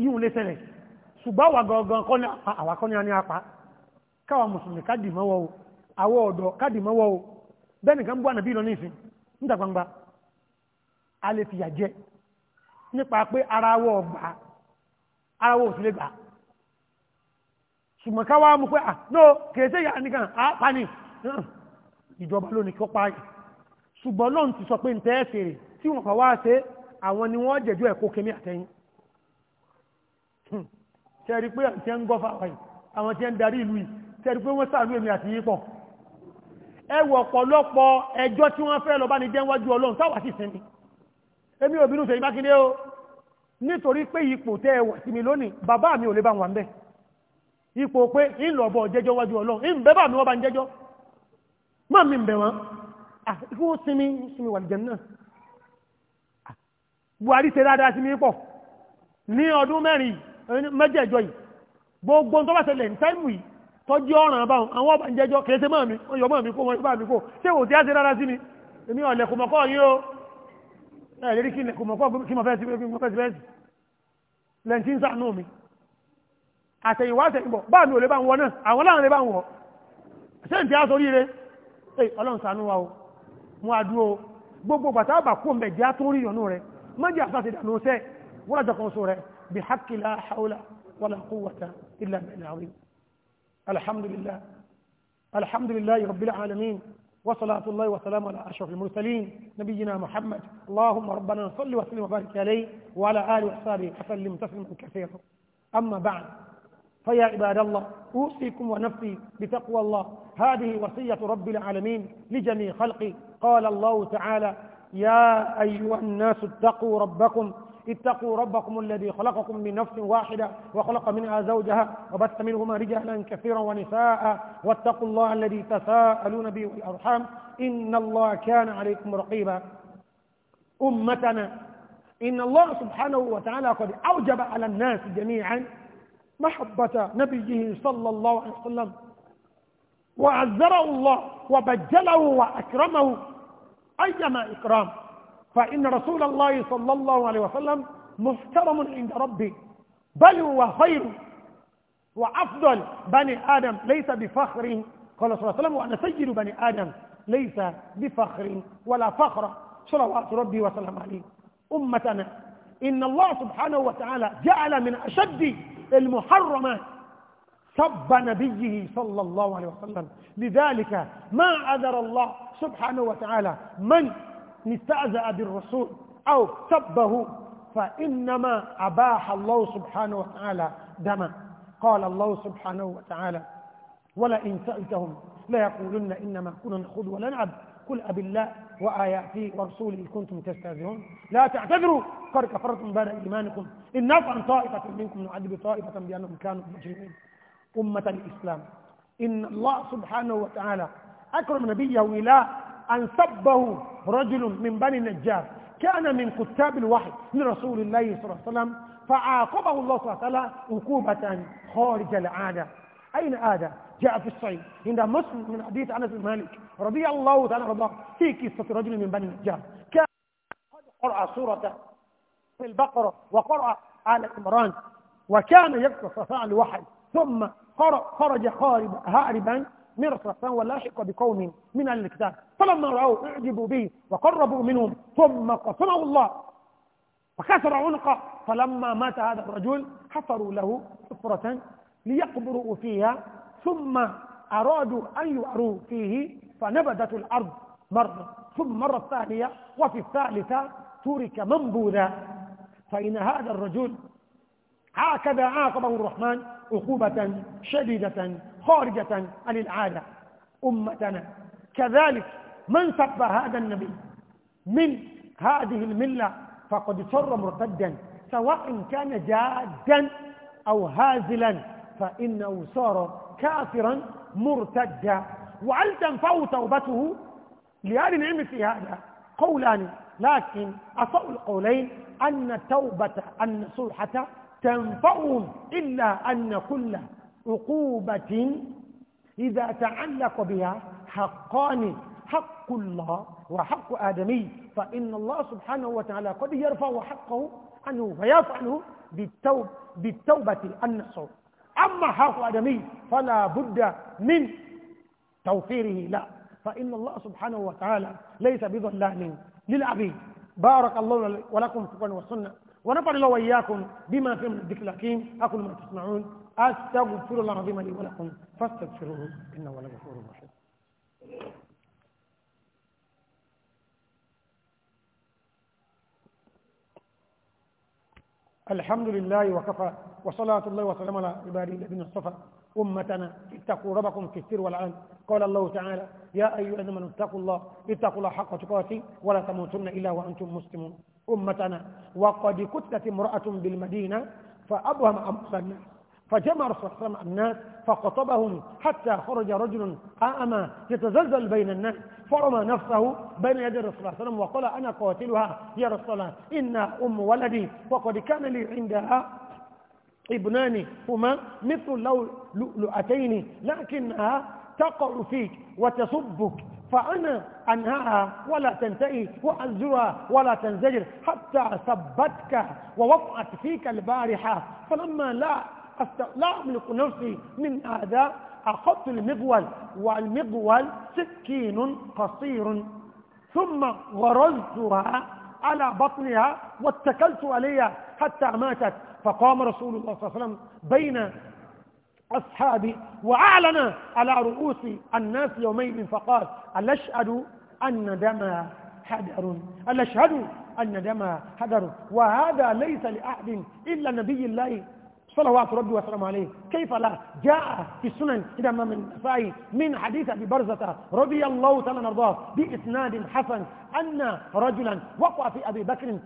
yíhun lè ṣùgbọ́n àwa gangan kọ́ ní àwa kọ́ ní a ní apá o àwọ ọ̀dọ́ kádì mọ́wọ́ o bẹ́ẹ̀ nìkan ń bú ànàbí lọ ní ìsìn níta gbangba a lè fìyà jẹ nípa pé ara wọ gbà ara wọ ṣùgbọ́n ká wá mú pé à ah, no kèése yà nìkan à ah, pani ìjọba lónìí kó pa yìí ṣùgbọ́n lọ́n ti sọ pé ntẹ́ ẹ̀sẹ̀ rẹ̀ tí wọ́n fà wá ṣe àwọn ni wọ́n jẹ̀jú ẹ̀kọ́ kẹmí àtẹ́yìn tẹ́rí pé àti ẹ̀ ń gọ́fà wáyìí àwọn tí ẹ̀ ń darí ìlú yìí tẹ́rí pé wọ́n sàánú èmi àti yìí pọ̀ ẹwọ ọ̀pọ̀lọpọ̀ ẹjọ́ tí wọ́n fẹ́ lọ bá ní jẹ́ wájú ọlọ́run táwà sì sinmi èmi òbínú sẹ́yìn bákindé o nítorí pé ipò tẹ́ ẹwọ̀ sí mi lónìí Baba mi ò lè bá wọn bẹ́ẹ̀ ipò pé ìlọ̀bọ̀ jẹjọ́ wájú ọlọ́run ìbẹ́bà mi wọ́n bá ń jẹjọ́ máa mi bẹ̀ wọ́n àfikún ó sinmi sinmi wàlìjẹ̀ náà Buhari ṣe dáadáa sí mi pọ̀ ní ọdún mẹ́rin mẹ́jẹ̀jọ yìí gbogbo tó bá ṣẹlẹ̀ ní táìmù yìí tọ́jú ọ̀ràn àbáwọn àwọn ọba ń jẹjọ́ kìí ṣe máa mi ọyọ̀ máa mi kó wọn bá mi kó ṣé wò tí á ṣe dáadáa sí mi èmi ọ̀lẹ̀ kòmọ̀kọ́ yìí ó ẹ̀ẹ́dẹ́rì kí kòmọ̀kọ́ kí mo fẹ́ sí lẹ́ǹtí ń sàánú mi àtẹ̀yìnwá àtẹ̀yìnbọ̀ báà ní olè bá ń wọ náà àwọn láàrin lè bá ń wọ ṣe ń tí a sórí rẹ̀ ẹ̀ ọlọ́run ṣàánú wa o mú àdúró gbogbo pàtà bà kó mẹ̀ jẹ́ àtún rí yọ̀nú rẹ̀ mọ́jì أما بعد فيا عباد الله أوصيكم ونفسي بتقوى الله هذه وصية رب العالمين لجميع خلقه قال الله تعالى يا أيها الناس اتقوا ربكم اتقوا ربكم الذي خلقكم من نفس واحدة وخلق منها زوجها وبث منهما رجالا كثيرا ونساء واتقوا الله الذي تساءلون به والأرحام إن الله كان عليكم رقيبا أمتنا إن الله سبحانه وتعالى قد أوجب على الناس جميعا محبة نبيه صلى الله عليه وسلم وعزره الله وبجله وأكرمه أيما إكرام فإن رسول الله صلى الله عليه وسلم محترم عند ربه بل هو خير وأفضل بني آدم ليس بفخر قال صلى الله عليه وسلم وأنا سيد بني آدم ليس بفخر ولا فخر صلوات ربي وسلم عليه أمتنا إن الله سبحانه وتعالى جعل من أشد المحرمة سب نبيه صلى الله عليه وسلم لذلك ما عذر الله سبحانه وتعالى من استأذى بالرسول أو سبه فإنما أباح الله سبحانه وتعالى دما قال الله سبحانه وتعالى ولئن سألتهم ليقولن إنما كنا نخوض ولنعب قل ابالله الله وآياته ورسوله كنتم تستهزئون لا تعتذروا قد كفرتم بعد إيمانكم إن نفع طائفة منكم نعذب طائفة بأنهم كانوا مجرمين أمة الإسلام إن الله سبحانه وتعالى أكرم نبيه إلى أن سبه رجل من بني النجار كان من كتاب الوحي من رسول الله صلى الله عليه وسلم فعاقبه الله سبحانه وتعالى عقوبة خارج العادة أين هذا؟ جاء في الصحيح عند مسلم من حديث أنس بن مالك رضي الله تعالى رضاه في قصة رجل من بني نجار كان قد قرأ سورة في البقرة وقرأ آل عمران وكان يقرأ صفاء لوحد ثم خرج خارب هاربا مرصفا ولاحق بقوم من أهل الكتاب فلما رأوا اعجبوا به وقربوا منهم ثم قصمه الله وكسر عنقه فلما مات هذا الرجل حفروا له حفرة ليقبروا فيها ثم أرادوا أن يؤروا فيه فنبذت الأرض مرة ثم مرة ثانية وفي الثالثة ترك منبوذا فإن هذا الرجل هكذا عاقبه الرحمن عقوبة شديدة خارجة عن العادة أمتنا كذلك من سب هذا النبي من هذه الملة فقد صر مرتدا سواء كان جادا أو هازلا فإنه صار كافرا مرتدا وهل تنفع توبته لهذه العلم في هذا قولان لكن أصح القولين أن التوبة النصوحة تنفعهم إلا أن كل عقوبة إذا تعلق بها حقان حق الله وحق آدمي فإن الله سبحانه وتعالى قد يرفع حقه عنه فيفعله بالتوب بالتوبة النصوح أما حق آدمي فلا بد من توفيره لا فإن الله سبحانه وتعالى ليس بظلام للعبيد بارك الله ولكم في القرآن والسنة ونفر الله وإياكم بما فيه من الذكر الحكيم أقول ما تسمعون أستغفر الله العظيم لي ولكم فاستغفروه إنه لغفور رحيم الحمد لله وكفى وصلاة الله وسلم على عباده الذين اصطفى أمتنا اتقوا ربكم في السر والعلن قال الله تعالى يا أيها الذين اتقوا الله اتقوا الله حق تقاته ولا تموتن إلا وأنتم مسلمون أمتنا وقد كتلت امرأة بالمدينة فأبهم أمس الناس فجمع رسول الله الناس فقطبهم حتى خرج رجل أعمى يتزلزل بين الناس فرمى نفسه بين يدي الرسول صلى الله عليه وسلم وقال أنا قاتلها يا رسول الله إن أم ولدي وقد كان لي عندها ابنان هما مثل لؤلؤتين لكنها تقع فيك وتصبك فأنا أنهاها ولا تنتهي وأنزرها ولا تنزجر حتى ثبتك ووقعت فيك البارحة فلما لا, أست... لا أملك نفسي من هذا أخذت المغول والمغول سكين قصير ثم غرزتها على بطنها واتكلت عليها حتى ماتت فقام رسول الله صلى الله عليه وسلم بين اصحابه وأعلن على رؤوس الناس يومئذ فقال ألا أشهد أن دما حدر ألا أشهد أن دما حدر وهذا ليس لأحد إلا نبي الله صلوات ربي وسلامه عليه كيف لا جاء في السنن إلى من النسائي من حديث أبي برزة رضي الله تعالى نرضاه بإسناد حسن أن رجلا وقع في أبي بكر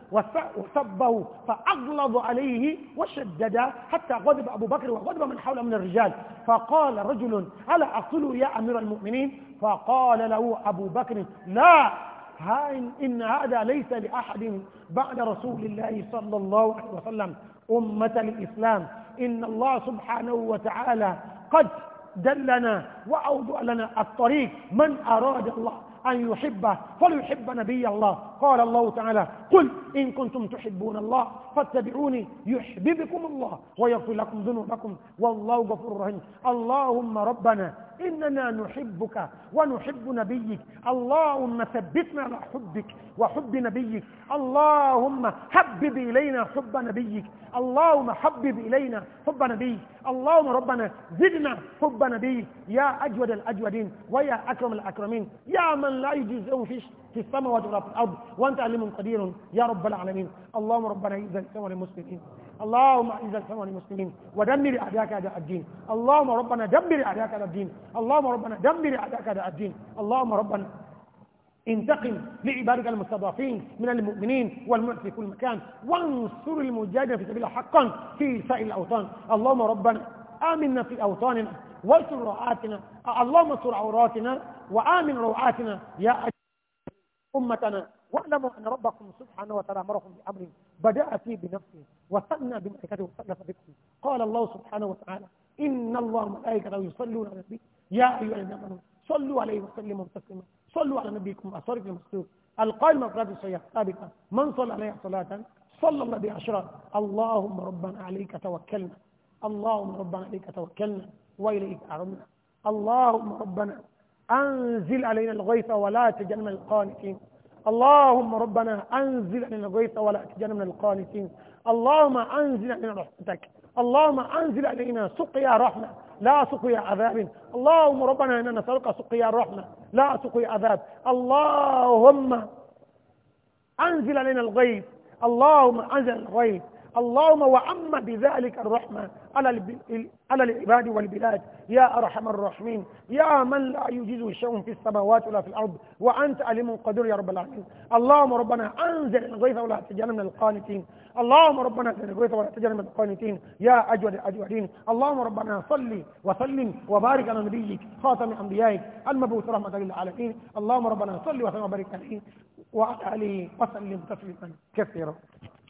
وسبه فأغلظ عليه وشدد حتى غضب أبو بكر وغضب من حوله من الرجال فقال رجل ألا أقتله يا أمير المؤمنين فقال له أبو بكر لا إن هذا ليس لأحد بعد رسول الله صلى الله عليه وسلم أمة الإسلام إن الله سبحانه وتعالى قد دلنا وأوضع لنا الطريق من أراد الله أن يحبه فليحب نبي الله قال الله تعالى قل إن كنتم تحبون الله فاتبعوني يحببكم الله ويغفر لكم ذنوبكم والله غفور رحيم اللهم ربنا إننا نحبك ونحب نبيك اللهم ثبتنا على حبك وحب نبيك اللهم حبب إلينا حب نبيك اللهم حبب إلينا حب نبيك اللهم ربنا زدنا حب نبيك يا أجود الأجودين ويا أكرم الأكرمين يا من لا يجزئه في في السماوات ولا في الأرض وأنت عليم قدير يا رب العالمين اللهم ربنا إذا الإسلام والمسلمين اللهم اعز الاسلام والمسلمين ودمر اعداءك اعداء الدين اللهم ربنا دمر اعداءك اعداء الدين اللهم ربنا دمر اعداءك اعداء الدين اللهم ربنا انتقم لعبادك المستضعفين من المؤمنين والمؤمنين في كل مكان وانصر المجاهدين في سبيل حقا في سائر الاوطان اللهم ربنا امنا في اوطاننا واستر رعاتنا اللهم استر عوراتنا وآمن روعاتنا يا أمتنا واعلموا أن ربكم سبحانه وتعالى أمركم بأمر بدأ فيه بنفسه وثنى بملائكته وثلث بكم قال الله سبحانه وتعالى إن الله ملائكته يصلون على النبي يا أيها الذين آمنوا صلوا عليه وسلموا تسليما صلوا على نبيكم أصرف المسلوب القائم أفراد السيئة السابقة من صلى عليه صلاة صلى الله عليه اللهم ربنا عليك توكلنا اللهم ربنا عليك توكلنا وإليك أعرمنا اللهم ربنا أنزل علينا الغيث ولا تجعل من القانتين اللهم ربنا أنزل علينا الغيث ولا تجعل من القانتين اللهم أنزل علينا رحمتك اللهم أنزل علينا سقيا رحمة لا سقيا عذاب اللهم ربنا إننا نسألك سقيا رحمة لا سقيا عذاب اللهم أنزل علينا الغيث اللهم أنزل الغيث اللهم وعم بذلك الرحمة على العباد والبلاد يا أرحم الراحمين يا من لا يجيزه شيء في السماوات ولا في الأرض وأنت عليم قدير يا رب العالمين اللهم ربنا أنزل الغيث ولا تجعلنا من القانتين اللهم ربنا أنزل الغيث ولا تجعلنا من القانتين يا أجود الأجودين اللهم ربنا صل وسلم وبارك على نبيك خاتم أنبيائك المبعوث رحمة للعالمين اللهم ربنا صل وسلم وبارك عليه وعلى آله وسلم تسليما كثيرا